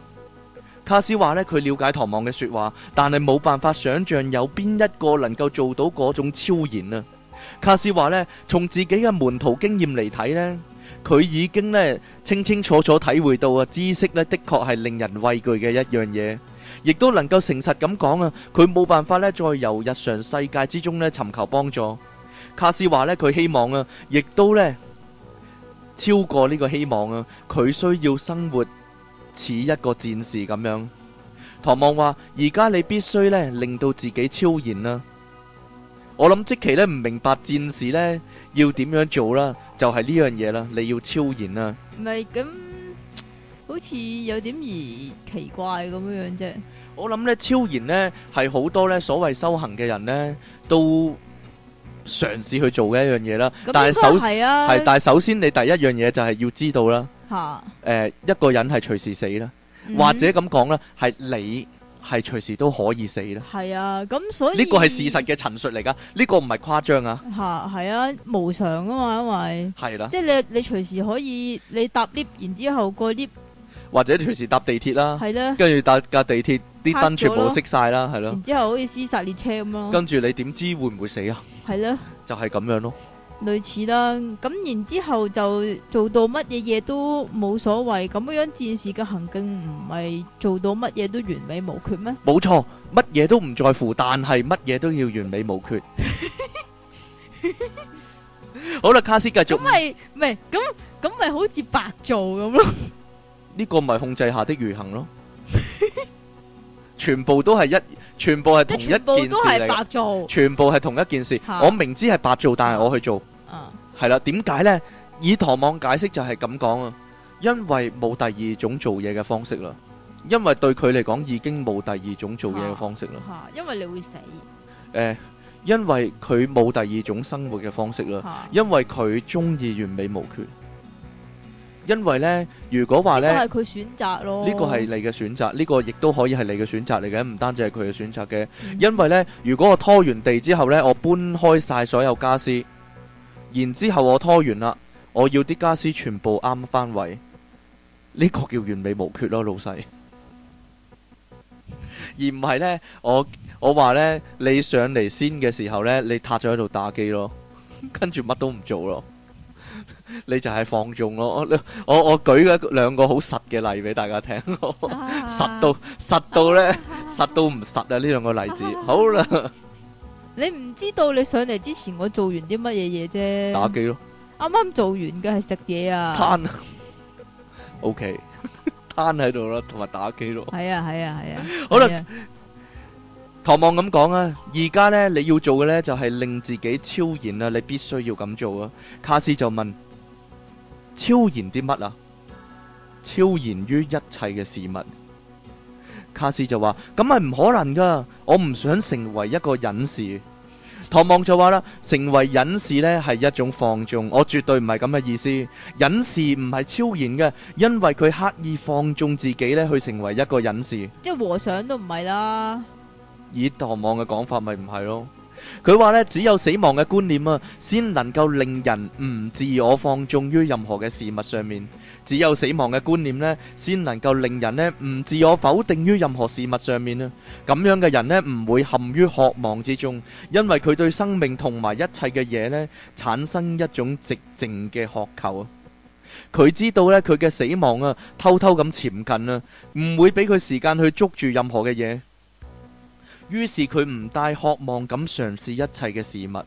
卡斯話咧，佢了解唐望嘅說話，但係冇辦法想象有邊一個能夠做到嗰種超然啊。卡斯話咧，從自己嘅門徒經驗嚟睇呢，佢已經咧清清楚楚體會到啊，知識呢的確係令人畏懼嘅一樣嘢。亦都能夠誠實咁講啊，佢冇辦法咧，再由日常世界之中咧尋求幫助。卡斯話呢，佢希望啊，亦都咧超過呢個希望啊，佢需要生活似一個戰士咁樣。唐望話：而家你必須咧，令到自己超然啦。我諗即期呢，唔明白戰士呢，要點樣做啦，就係、是、呢樣嘢啦，你要超然啊。唔係咁。好似有點而奇怪咁樣樣啫。我諗咧超然咧係好多咧所謂修行嘅人咧都嘗試去做嘅一樣嘢啦。咁應該係啊。係但係首先你第一樣嘢就係要知道啦。吓。誒一個人係隨時死啦，或者咁講啦，係你係隨時都可以死啦。係啊，咁所以呢個係事實嘅陳述嚟㗎，呢個唔係誇張啊。吓係啊，無常啊嘛，因為係啦，即係你你隨時可以你搭 lift 然之後過 lift。或者隨時搭地鐵啦，係啦，跟住搭架地鐵，啲燈全部熄晒啦，係咯。然之後好似廝殺列車咁咯。跟住你點知會唔會死啊？係咯，就係咁樣咯。類似啦，咁然之後就做到乜嘢嘢都冇所謂，咁樣樣戰士嘅行徑唔係做到乜嘢都完美無缺咩？冇錯，乜嘢都唔在乎，但係乜嘢都要完美無缺。好啦，卡斯繼續。咁咪唔係咁咁咪好似白做咁咯。呢個咪控制下的馀行咯，全部都係一，全部係同一件事嚟。即係全部都係白做，全部係同一件事。我明知係白做，但係我去做。係啦，點解呢？以唐望解釋就係咁講啊，因為冇第二種做嘢嘅方式啦，因為對佢嚟講已經冇第二種做嘢嘅方式啦。吓，因為你會死。誒，因為佢冇第二種生活嘅方式啦，因為佢中意完美無缺。因為呢，如果話呢，呢個係佢選擇咯。呢個係你嘅選擇，呢個亦都可以係你嘅選擇嚟嘅，唔單止係佢嘅選擇嘅。嗯、因為呢，如果我拖完地之後呢，我搬開晒所有家私，然之後我拖完啦，我要啲家私全部啱翻位，呢個叫完美無缺咯，老細。 而唔係呢，我我話呢，你上嚟先嘅時候呢，你塌咗喺度打機咯，跟住乜都唔做咯。你就係放縱咯，我我,我舉咗兩個好實嘅例俾大家聽， 實到實到咧 實到唔實啊呢兩個例子，好啦，你唔知道你上嚟之前我做完啲乜嘢嘢啫，打機咯，啱啱做完嘅係食嘢啊，攤攤 ，OK，攤喺度咯，同埋打機咯，係啊係啊係啊，好啦，唐望咁講啊，而家、啊啊、呢，你要做嘅呢，就係令自己超然啊，你必須要咁做啊，卡斯就問。超然啲乜啊？超然於一切嘅事物。卡斯就話：咁係唔可能噶，我唔想成為一個隱士。唐望就話啦：成為隱士呢係一種放縱，我絕對唔係咁嘅意思。隱士唔係超然嘅，因為佢刻意放縱自己呢去成為一個隱士。即係和尚都唔係啦。以唐望嘅講法，咪唔係咯。佢話咧，只有死亡嘅觀念啊，先能夠令人唔自我放縱於任何嘅事物上面；只有死亡嘅觀念咧，先能夠令人咧唔自我否定於任何事物上面啊。咁樣嘅人咧，唔會陷於渴望之中，因為佢對生命同埋一切嘅嘢咧，產生一種寂靜嘅渴求啊。佢知道咧，佢嘅死亡啊，偷偷咁潛近啊，唔會俾佢時間去捉住任何嘅嘢。於是佢唔帶渴望咁嘗試一切嘅事物。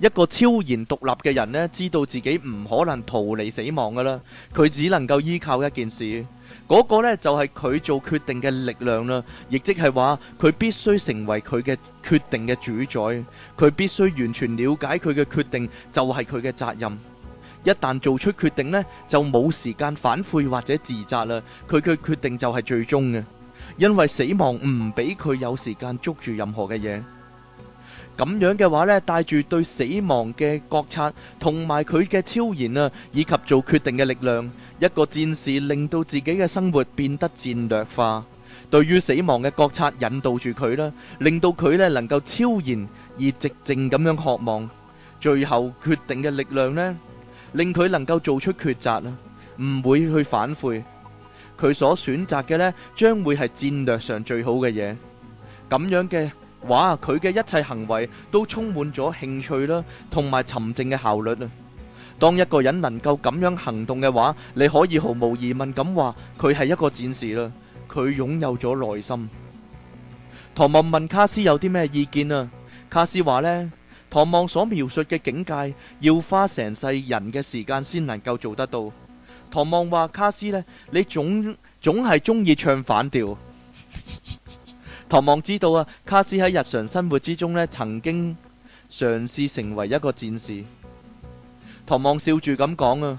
一個超然獨立嘅人呢，知道自己唔可能逃離死亡噶啦，佢只能夠依靠一件事，嗰個呢就係佢做決定嘅力量啦。亦即係話，佢必須成為佢嘅決定嘅主宰，佢必須完全了解佢嘅決定就係佢嘅責任。一旦做出決定呢，就冇時間反悔或者自責啦。佢嘅決定就係最終嘅。因為死亡唔俾佢有時間捉住任何嘅嘢，咁樣嘅話咧，帶住對死亡嘅覺察，同埋佢嘅超然啊，以及做決定嘅力量，一個戰士令到自己嘅生活變得戰略化。對於死亡嘅覺察引導住佢啦，令到佢咧能夠超然而寂靜咁樣渴望，最後決定嘅力量咧，令佢能夠做出抉擇啊，唔會去反悔。佢所選擇嘅咧，將會係戰略上最好嘅嘢。咁樣嘅話，佢嘅一切行為都充滿咗興趣啦，同埋沉靜嘅效率啊。當一個人能夠咁樣行動嘅話，你可以毫無疑問咁話，佢係一個戰士啦。佢擁有咗耐心。唐望問卡斯有啲咩意見啊？卡斯話咧，唐望所描述嘅境界，要花成世人嘅時間先能夠做得到。唐望話：卡斯呢，你總總係中意唱反調。唐望知道啊，卡斯喺日常生活之中咧，曾經嘗試成為一個戰士。唐望笑住咁講啊：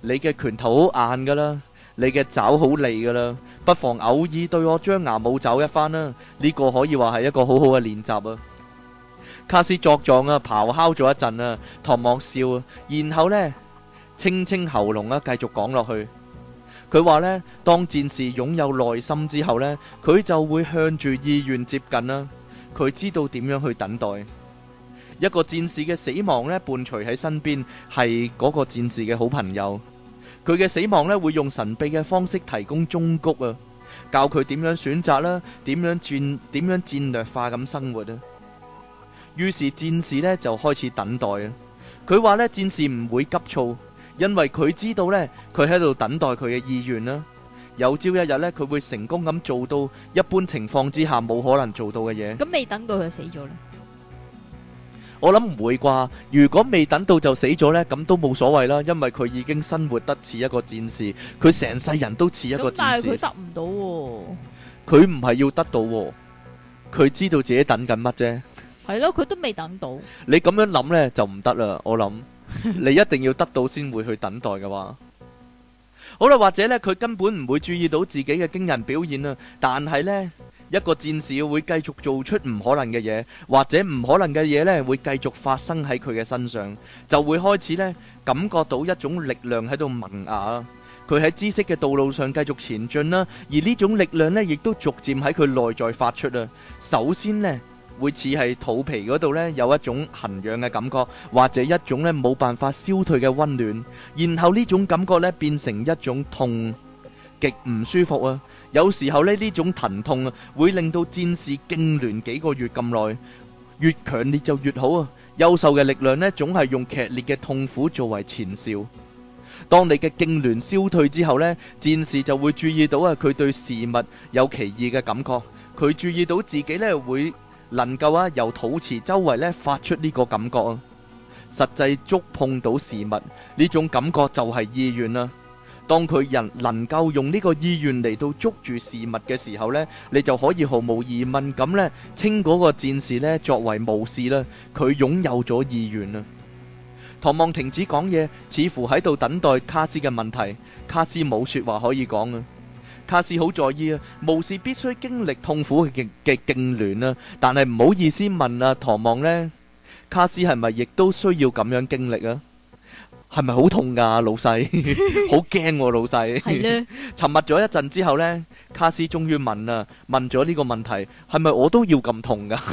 你嘅拳頭好硬噶啦，你嘅爪好利噶啦，不妨偶爾對我張牙舞爪一番啦。呢個可以話係一個好好嘅練習啊。卡斯作狀啊，咆哮咗一陣啊。唐望笑啊，然後呢？清清喉嚨啊，繼續講落去。佢話呢，當戰士擁有耐心之後呢，佢就會向住意願接近啦。佢知道點樣去等待一個戰士嘅死亡呢？伴隨喺身邊係嗰個戰士嘅好朋友。佢嘅死亡呢，會用神秘嘅方式提供忠告啊，教佢點樣選擇啦，點樣戰，點樣戰略化咁生活呢，於是戰士呢，就開始等待啊。佢話呢，戰士唔會急躁。因為佢知道咧，佢喺度等待佢嘅意願啦。有朝一日咧，佢會成功咁做到一般情況之下冇可能做到嘅嘢。咁未等到佢死咗咧？我諗唔會啩。如果未等到就死咗咧，咁都冇所謂啦。因為佢已經生活得似一個戰士，佢成世人都似一個戰士。咁但係佢得唔到喎。佢唔係要得到喎，佢知道自己等緊乜啫。係咯，佢都未等到。你咁樣諗咧就唔得啦，我諗。 你一定要得到先會去等待嘅話，好啦，或者呢，佢根本唔會注意到自己嘅驚人表現啊！但係呢，一個戰士會繼續做出唔可能嘅嘢，或者唔可能嘅嘢呢會繼續發生喺佢嘅身上，就會開始呢感覺到一種力量喺度萌芽。佢喺知識嘅道路上繼續前進啦，而呢種力量呢亦都逐漸喺佢內在發出啊。首先呢。會似係肚皮嗰度呢，有一種痕癢嘅感覺，或者一種呢冇辦法消退嘅溫暖。然後呢種感覺呢變成一種痛，極唔舒服啊！有時候呢，呢種疼痛啊，會令到戰士痙攣幾個月咁耐，越強烈就越好啊！優秀嘅力量呢總係用劇烈嘅痛苦作為前兆。當你嘅痙攣消退之後呢，戰士就會注意到啊，佢對事物有奇異嘅感覺，佢注意到自己呢會。能夠啊，由肚臍周圍咧發出呢個感覺，實際觸碰到事物呢種感覺就係意願啦。當佢人能夠用呢個意願嚟到捉住事物嘅時候咧，你就可以毫無疑問咁咧，稱嗰個戰士咧作為武士啦。佢擁有咗意願啦。唐望停止講嘢，似乎喺度等待卡斯嘅問題。卡斯冇說話可以講啊。卡斯好在意啊，無事必須經歷痛苦嘅嘅痙攣啊，但係唔好意思問啊，唐望呢？卡斯係咪亦都需要咁樣經歷啊？係咪好痛噶，啊，老細？好驚喎，老細。係 呢沉默咗一陣之後呢，卡斯終於問啊，問咗呢個問題，係咪我都要咁痛噶，啊？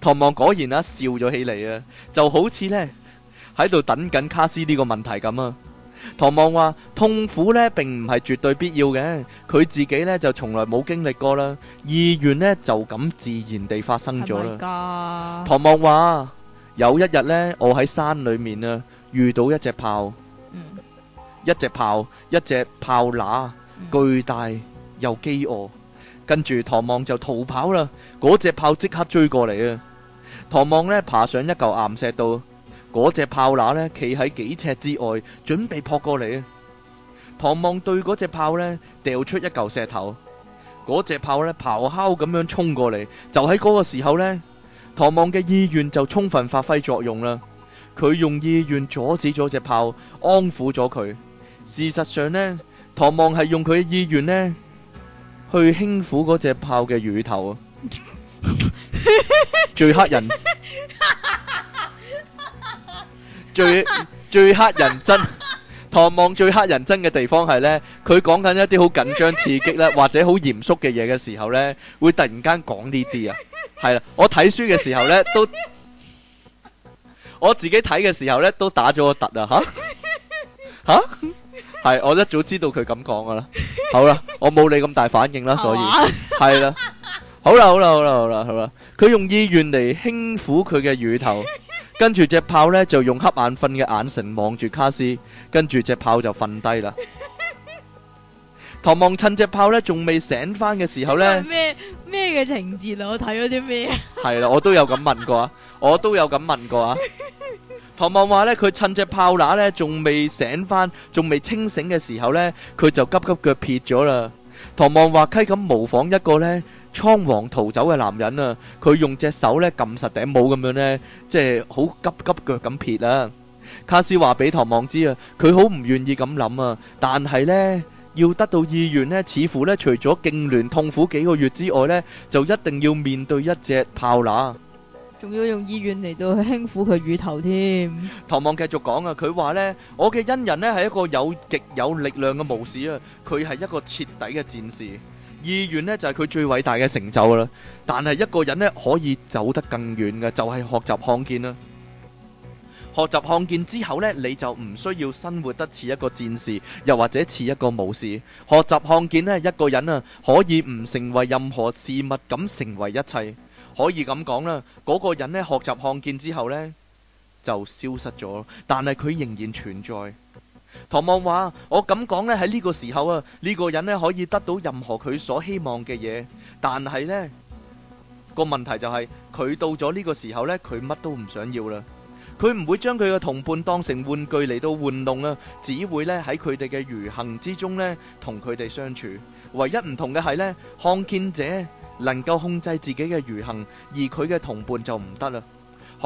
唐 望果然啊笑咗起嚟，啊，就好似呢，喺度等緊卡斯呢個問題咁啊。唐望話痛苦呢並唔係絕對必要嘅，佢自己呢就從來冇經歷過啦，意願呢就咁自然地發生咗啦。Oh、my 唐望話有一日呢，我喺山裏面啊，遇到一隻豹、mm.，一隻豹，一隻豹乸，巨大又飢餓，跟住、mm. 唐望就逃跑啦，嗰隻豹即刻追過嚟啊！唐望呢爬上一嚿岩石度。嗰隻豹乸咧，企喺幾尺之外，準備撲過嚟啊！唐望對嗰隻豹咧，掉出一嚿石頭，嗰隻豹咧咆哮咁樣衝過嚟。就喺嗰個時候呢，唐望嘅意願就充分發揮作用啦。佢用意願阻止咗隻豹，安撫咗佢。事實上呢，唐望係用佢嘅意願咧，去輕撫嗰隻豹嘅乳頭啊！ 最黑人。最最乞人憎，唐望最乞人憎嘅地方係咧，佢講緊一啲好緊張刺激咧，或者好嚴肅嘅嘢嘅時候咧，會突然間講呢啲啊，係啦，我睇書嘅時候咧都，我自己睇嘅時候咧都打咗個突啊，吓吓，係我一早知道佢咁講噶啦，好啦，我冇你咁大反應啦，所以係啦，好啦好啦好啦好啦好啦，佢用意願嚟輕撫佢嘅乳頭。跟住隻炮呢，就用瞌眼瞓嘅眼神望住卡斯，跟住隻炮就瞓低啦。唐 望趁隻炮呢，仲未醒翻嘅時候呢，咩咩嘅情節啊？我睇咗啲咩？係 啦，我都有咁問過啊，我都有咁問過啊。唐 望話呢，佢趁隻炮乸呢，仲未醒翻，仲未清醒嘅時候呢，佢就急急腳撇咗啦。唐望滑稽咁模仿一個呢。」倉皇逃走嘅男人啊，佢用隻手咧撳實頂帽咁樣咧，即係好急急腳咁撇啦。卡斯話俾唐望知啊，佢好唔願意咁諗啊，但係咧要得到意願咧，似乎咧除咗痙攣痛苦幾個月之外咧，就一定要面對一隻炮乸，仲要用意願嚟到去輕撫佢乳頭添。唐望繼續講啊，佢話咧我嘅恩人咧係一個有極有力量嘅巫士啊，佢係一個徹底嘅戰士。意願咧就係、是、佢最偉大嘅成就啦，但係一個人咧可以走得更遠嘅就係、是、學習看見啦。學習看見之後咧，你就唔需要生活得似一個戰士，又或者似一個武士。學習看見咧，一個人啊可以唔成為任何事物，咁成為一切。可以咁講啦，嗰、那個人咧學習看見之後咧就消失咗，但係佢仍然存在。唐望話：我咁講咧，喺呢個時候啊，呢個人咧可以得到任何佢所希望嘅嘢，但係呢個問題就係佢到咗呢個時候咧，佢乜都唔想要啦。佢唔會將佢嘅同伴當成玩具嚟到玩弄啊，只會咧喺佢哋嘅愚行之中咧同佢哋相處。唯一唔同嘅係咧，看見者能夠控制自己嘅愚行，而佢嘅同伴就唔得啦。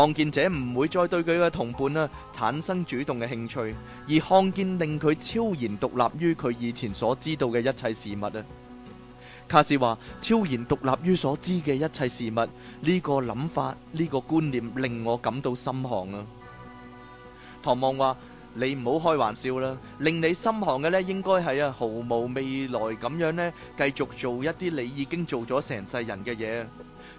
看見者唔會再對佢嘅同伴啊產生主動嘅興趣，而看見令佢超然獨立於佢以前所知道嘅一切事物啊。卡斯話：超然獨立於所知嘅一切事物呢個諗法，呢個觀念令我感到心寒啊。唐望話：你唔好開玩笑啦，令你心寒嘅咧，應該係啊，毫無未來咁樣咧，繼續做一啲你已經做咗成世人嘅嘢。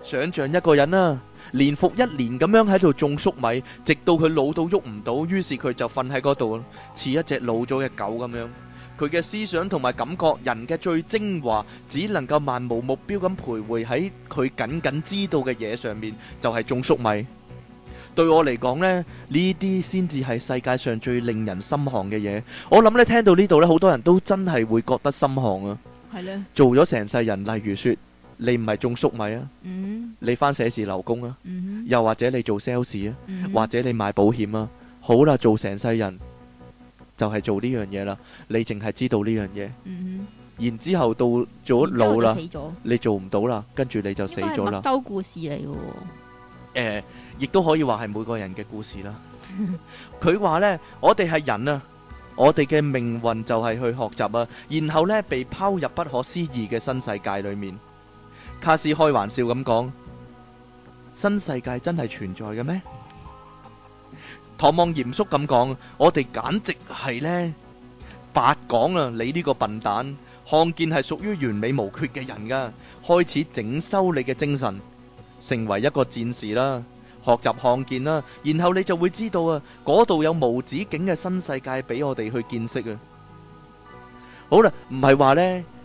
想象一個人啊。年復一年咁樣喺度種粟米，直到佢老到喐唔到，於是佢就瞓喺嗰度，似一隻老咗嘅狗咁樣。佢嘅思想同埋感覺，人嘅最精華，只能夠漫無目標咁徘徊喺佢僅僅知道嘅嘢上面，就係種粟米。對我嚟講咧，呢啲先至係世界上最令人心寒嘅嘢。我諗咧，聽到呢度咧，好多人都真係會覺得心寒啊。係咧，做咗成世人，例如說，你唔係種粟米啊，你翻寫字樓工啊，又或者你做 sales 啊，或者你買保險啊，好啦，做成世人就係做呢樣嘢啦。你淨係知道呢樣嘢，然之後到咗老啦，你做唔到啦，跟住你就死咗啦。收故事嚟嘅，誒，亦都可以話係每個人嘅故事啦。佢話咧，我哋係人啊，我哋嘅命運就係去學習啊，然後咧被拋入不可思議嘅新世界裏面。卡斯開玩笑咁講：新世界真係存在嘅咩？唐望嚴肅咁講：我哋簡直係呢：「白講啊！你呢個笨蛋，看見係屬於完美無缺嘅人噶，開始整修你嘅精神，成為一個戰士啦，學習看見啦，然後你就會知道啊，嗰度有無止境嘅新世界俾我哋去見識啊！好啦，唔係話呢。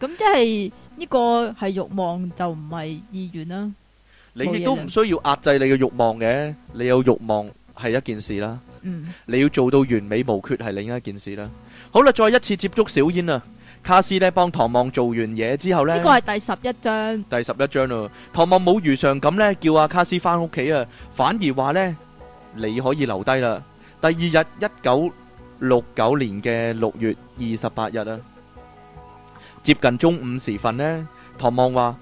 咁即係呢個係欲望就唔係意願啦。你亦都唔需要壓制你嘅欲望嘅。你有欲望係一件事啦。嗯，你要做到完美無缺係另一件事啦。好啦，再一次接觸小煙啊。卡斯咧幫唐望做完嘢之後咧，呢個係第十一章。第十一章啊。唐望冇如常咁咧叫阿卡斯翻屋企啊，反而話咧，你可以留低啦。第二日一九六九年嘅六月二十八日啊。接近中午時分咧，唐望話：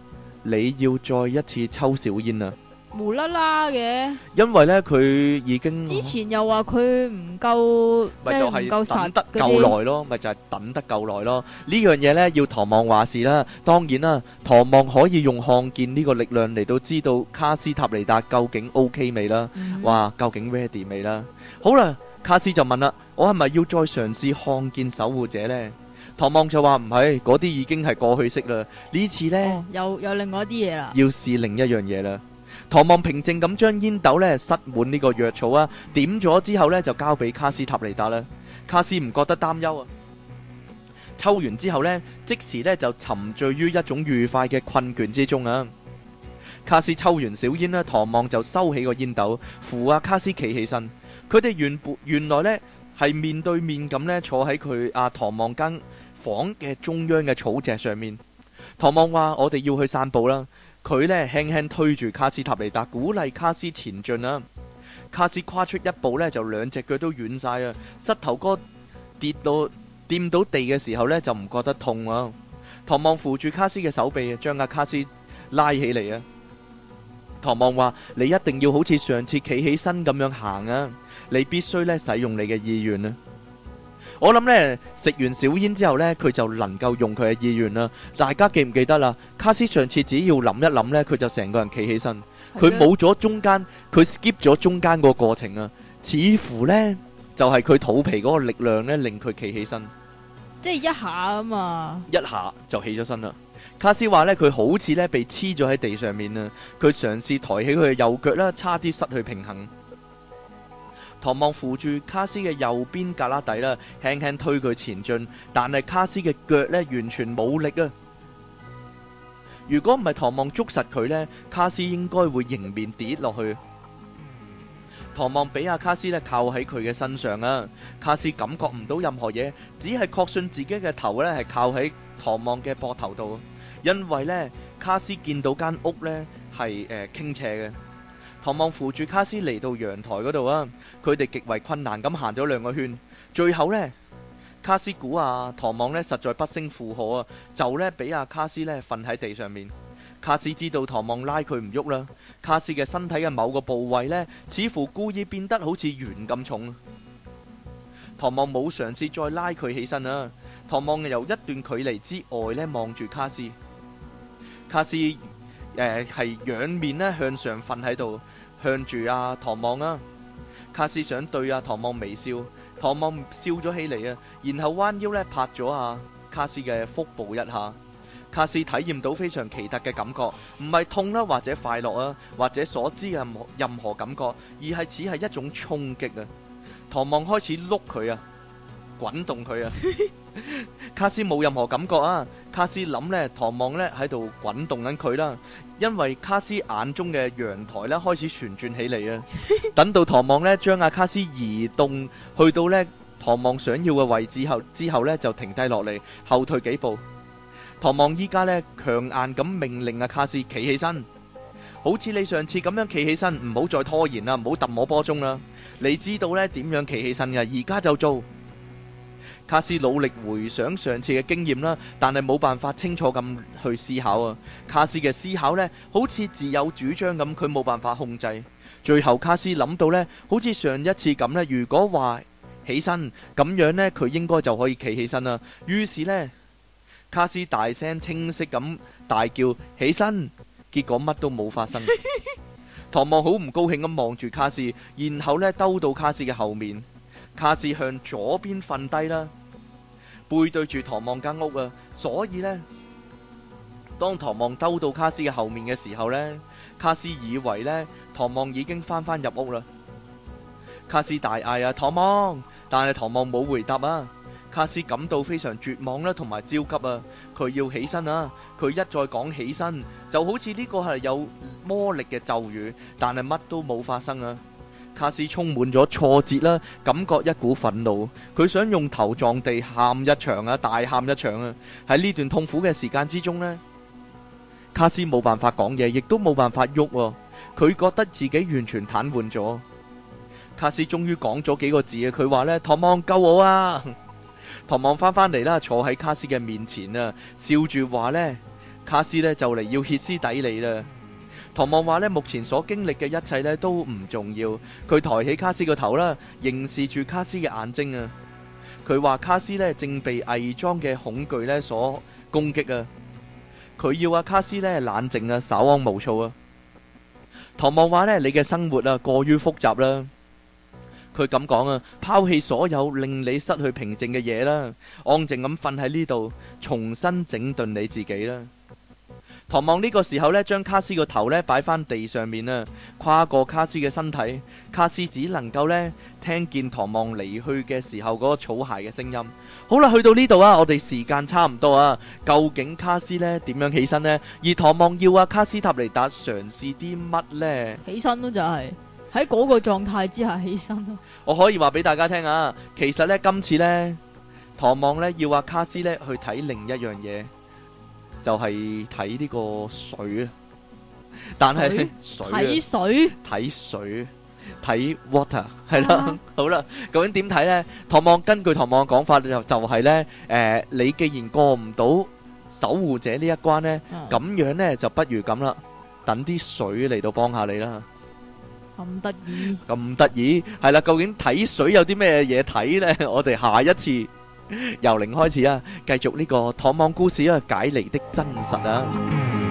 你要再一次抽小煙啊？無啦啦嘅，因為咧佢已經之前又話佢唔夠咪就係唔夠等得夠耐咯，咪就係等得夠耐咯。呢樣嘢咧要唐望話事啦。當然啦，唐望可以用看見呢個力量嚟到知道卡斯塔尼達究竟 OK 未啦？話究竟 ready 未啦？好啦，卡斯就問啦：我係咪要再嘗試看見守護者咧？唐望就話唔係，嗰啲已經係過去式啦。呢次呢，又、哦、有，有另外一啲嘢啦，要試另一樣嘢啦。唐望平靜咁將煙斗呢塞滿呢個藥草啊，點咗之後呢就交俾卡斯塔尼達啦。卡斯唔覺得擔憂啊，抽完之後呢，即時呢就沉醉於一種愉快嘅困倦之中啊。卡斯抽完小煙呢，唐望就收起個煙斗扶阿、啊、卡斯企起身，佢哋原本原來呢係面對面咁呢坐喺佢阿唐望間房嘅中央嘅草席上面，唐望話：我哋要去散步啦。佢呢輕輕推住卡斯塔尼達，鼓勵卡斯前進啦、啊。卡斯跨出一步呢就兩隻腳都軟晒啊！膝頭哥跌到掂到地嘅時候呢，就唔覺得痛啊！唐望扶住卡斯嘅手臂啊，將阿、啊、卡斯拉起嚟啊！唐望話：你一定要好似上次企起身咁樣行啊！你必須呢使用你嘅意願啊！我諗咧，食完小煙之後呢，佢就能夠用佢嘅意願啦。大家記唔記得啦？卡斯上次只要諗一諗呢，佢就成個人企起身，佢冇咗中間，佢 skip 咗中間個過程啊，似乎呢就係、是、佢肚皮嗰個力量咧令佢企起身，即係一下啊嘛，一下就起咗身啦。卡斯話呢，佢好似呢被黐咗喺地上面啊，佢嘗試抬起佢嘅右腳啦，差啲失去平衡。唐望扶住卡斯嘅右邊格拉底啦，輕輕推佢前進。但係卡斯嘅腳咧完全冇力啊！如果唔係唐望捉實佢呢，卡斯應該會迎面跌落去。唐望俾阿卡斯咧靠喺佢嘅身上啊！卡斯感覺唔到任何嘢，只係確信自己嘅頭咧係靠喺唐望嘅膊頭度，因為呢，卡斯見到間屋呢係誒傾斜嘅。唐望扶住卡斯嚟到陽台嗰度啊！佢哋極為困難咁行咗兩個圈，最後呢，卡斯估啊，唐望呢實在不勝負荷啊，就呢俾阿、啊、卡斯呢瞓喺地上面。卡斯知道唐望拉佢唔喐啦，卡斯嘅身體嘅某個部位呢，似乎故意變得好似圓咁重。唐望冇嘗試再拉佢起身啊！唐望由一段距離之外呢望住卡斯，卡斯誒係、呃、仰面呢向上瞓喺度。向住阿唐望啊，卡斯想對阿、啊、唐望微笑，唐望笑咗起嚟啊，然後彎腰咧，拍咗下、啊、卡斯嘅腹部一下，卡斯體驗到非常奇特嘅感覺，唔係痛啦、啊、或者快樂啊或者所知嘅任，任何感覺，而係只係一種衝擊啊，唐望開始碌佢啊。滾動佢啊！卡斯冇任何感覺啊！卡斯諗呢，唐望呢喺度滾動緊佢啦，因為卡斯眼中嘅陽台呢開始旋轉起嚟啊。等到唐望呢將阿、啊、卡斯移動去到呢唐望想要嘅位置後之後呢，就停低落嚟後退幾步。唐望依家呢強硬咁命令阿、啊、卡斯企起身，好似你上次咁樣企起身，唔好再拖延啦，唔好揼我波鐘啦。你知道呢點樣企起身嘅，而家就做。卡斯努力回想上次嘅經驗啦，但係冇辦法清楚咁去思考啊！卡斯嘅思考呢，好似自有主張咁，佢冇辦法控制。最後卡斯諗到呢，好似上一次咁呢，如果話起身咁樣呢，佢應該就可以企起身啦。於是呢，卡斯大聲清晰咁大叫起身，結果乜都冇發生。唐 望好唔高興咁望住卡斯，然後呢兜到卡斯嘅後面。卡斯向左邊瞓低啦，背對住唐望間屋啊，所以呢，當唐望兜到卡斯嘅後面嘅時候呢，卡斯以為呢，唐望已經翻返入屋啦。卡斯大嗌啊，唐望！但係唐望冇回答啊。卡斯感到非常絕望啦，同埋焦急啊，佢要起身啊，佢一再講起身，就好似呢個係有魔力嘅咒語，但係乜都冇發生啊。卡斯充滿咗挫折啦，感覺一股憤怒，佢想用頭撞地，喊一場啊，大喊一場啊！喺呢段痛苦嘅時間之中呢，卡斯冇辦法講嘢，亦都冇辦法喐，佢覺得自己完全癱瘓咗。卡斯終於講咗幾個字啊，佢話呢，唐望救我啊！唐望翻返嚟啦，坐喺卡斯嘅面前啊，笑住話呢：「卡斯呢，就嚟要歇斯底里啦！」.唐望話咧，目前所經歷嘅一切咧都唔重要。佢抬起卡斯個頭啦，凝視住卡斯嘅眼睛啊。佢話卡斯咧正被偽裝嘅恐懼咧所攻擊啊。佢要阿卡斯咧冷靜啊，稍安無躁啊。唐望話咧，你嘅生活啊過於複雜啦。佢咁講啊，拋棄所有令你失去平靜嘅嘢啦，安靜咁瞓喺呢度，重新整頓你自己啦。唐望呢個時候呢，將卡斯個頭呢擺翻地上面啊，跨過卡斯嘅身體，卡斯只能夠呢，聽見唐望離去嘅時候嗰個草鞋嘅聲音。好啦，去到呢度啊，我哋時間差唔多啊。究竟卡斯呢點樣起身呢？而唐望要阿、啊、卡斯塔尼達嘗試啲乜呢？起身咯，就是，就係喺嗰個狀態之下起身咯。我可以話俾大家聽啊，其實呢，今次呢，唐望呢要阿、啊、卡斯呢去睇另一樣嘢。就係睇呢個水啊，但係睇水睇水睇 water 係啦，好啦，究竟點睇咧？唐望根據唐望嘅講法就就係咧，誒，你既然過唔到守護者呢一關咧，咁樣咧就不如咁啦，等啲水嚟到幫下你啦。咁得意？咁得意係啦，究竟睇水有啲咩嘢嘢睇咧？我哋下一次。 由零開始啊，繼續呢個唐望故事啊，解離的真實啊。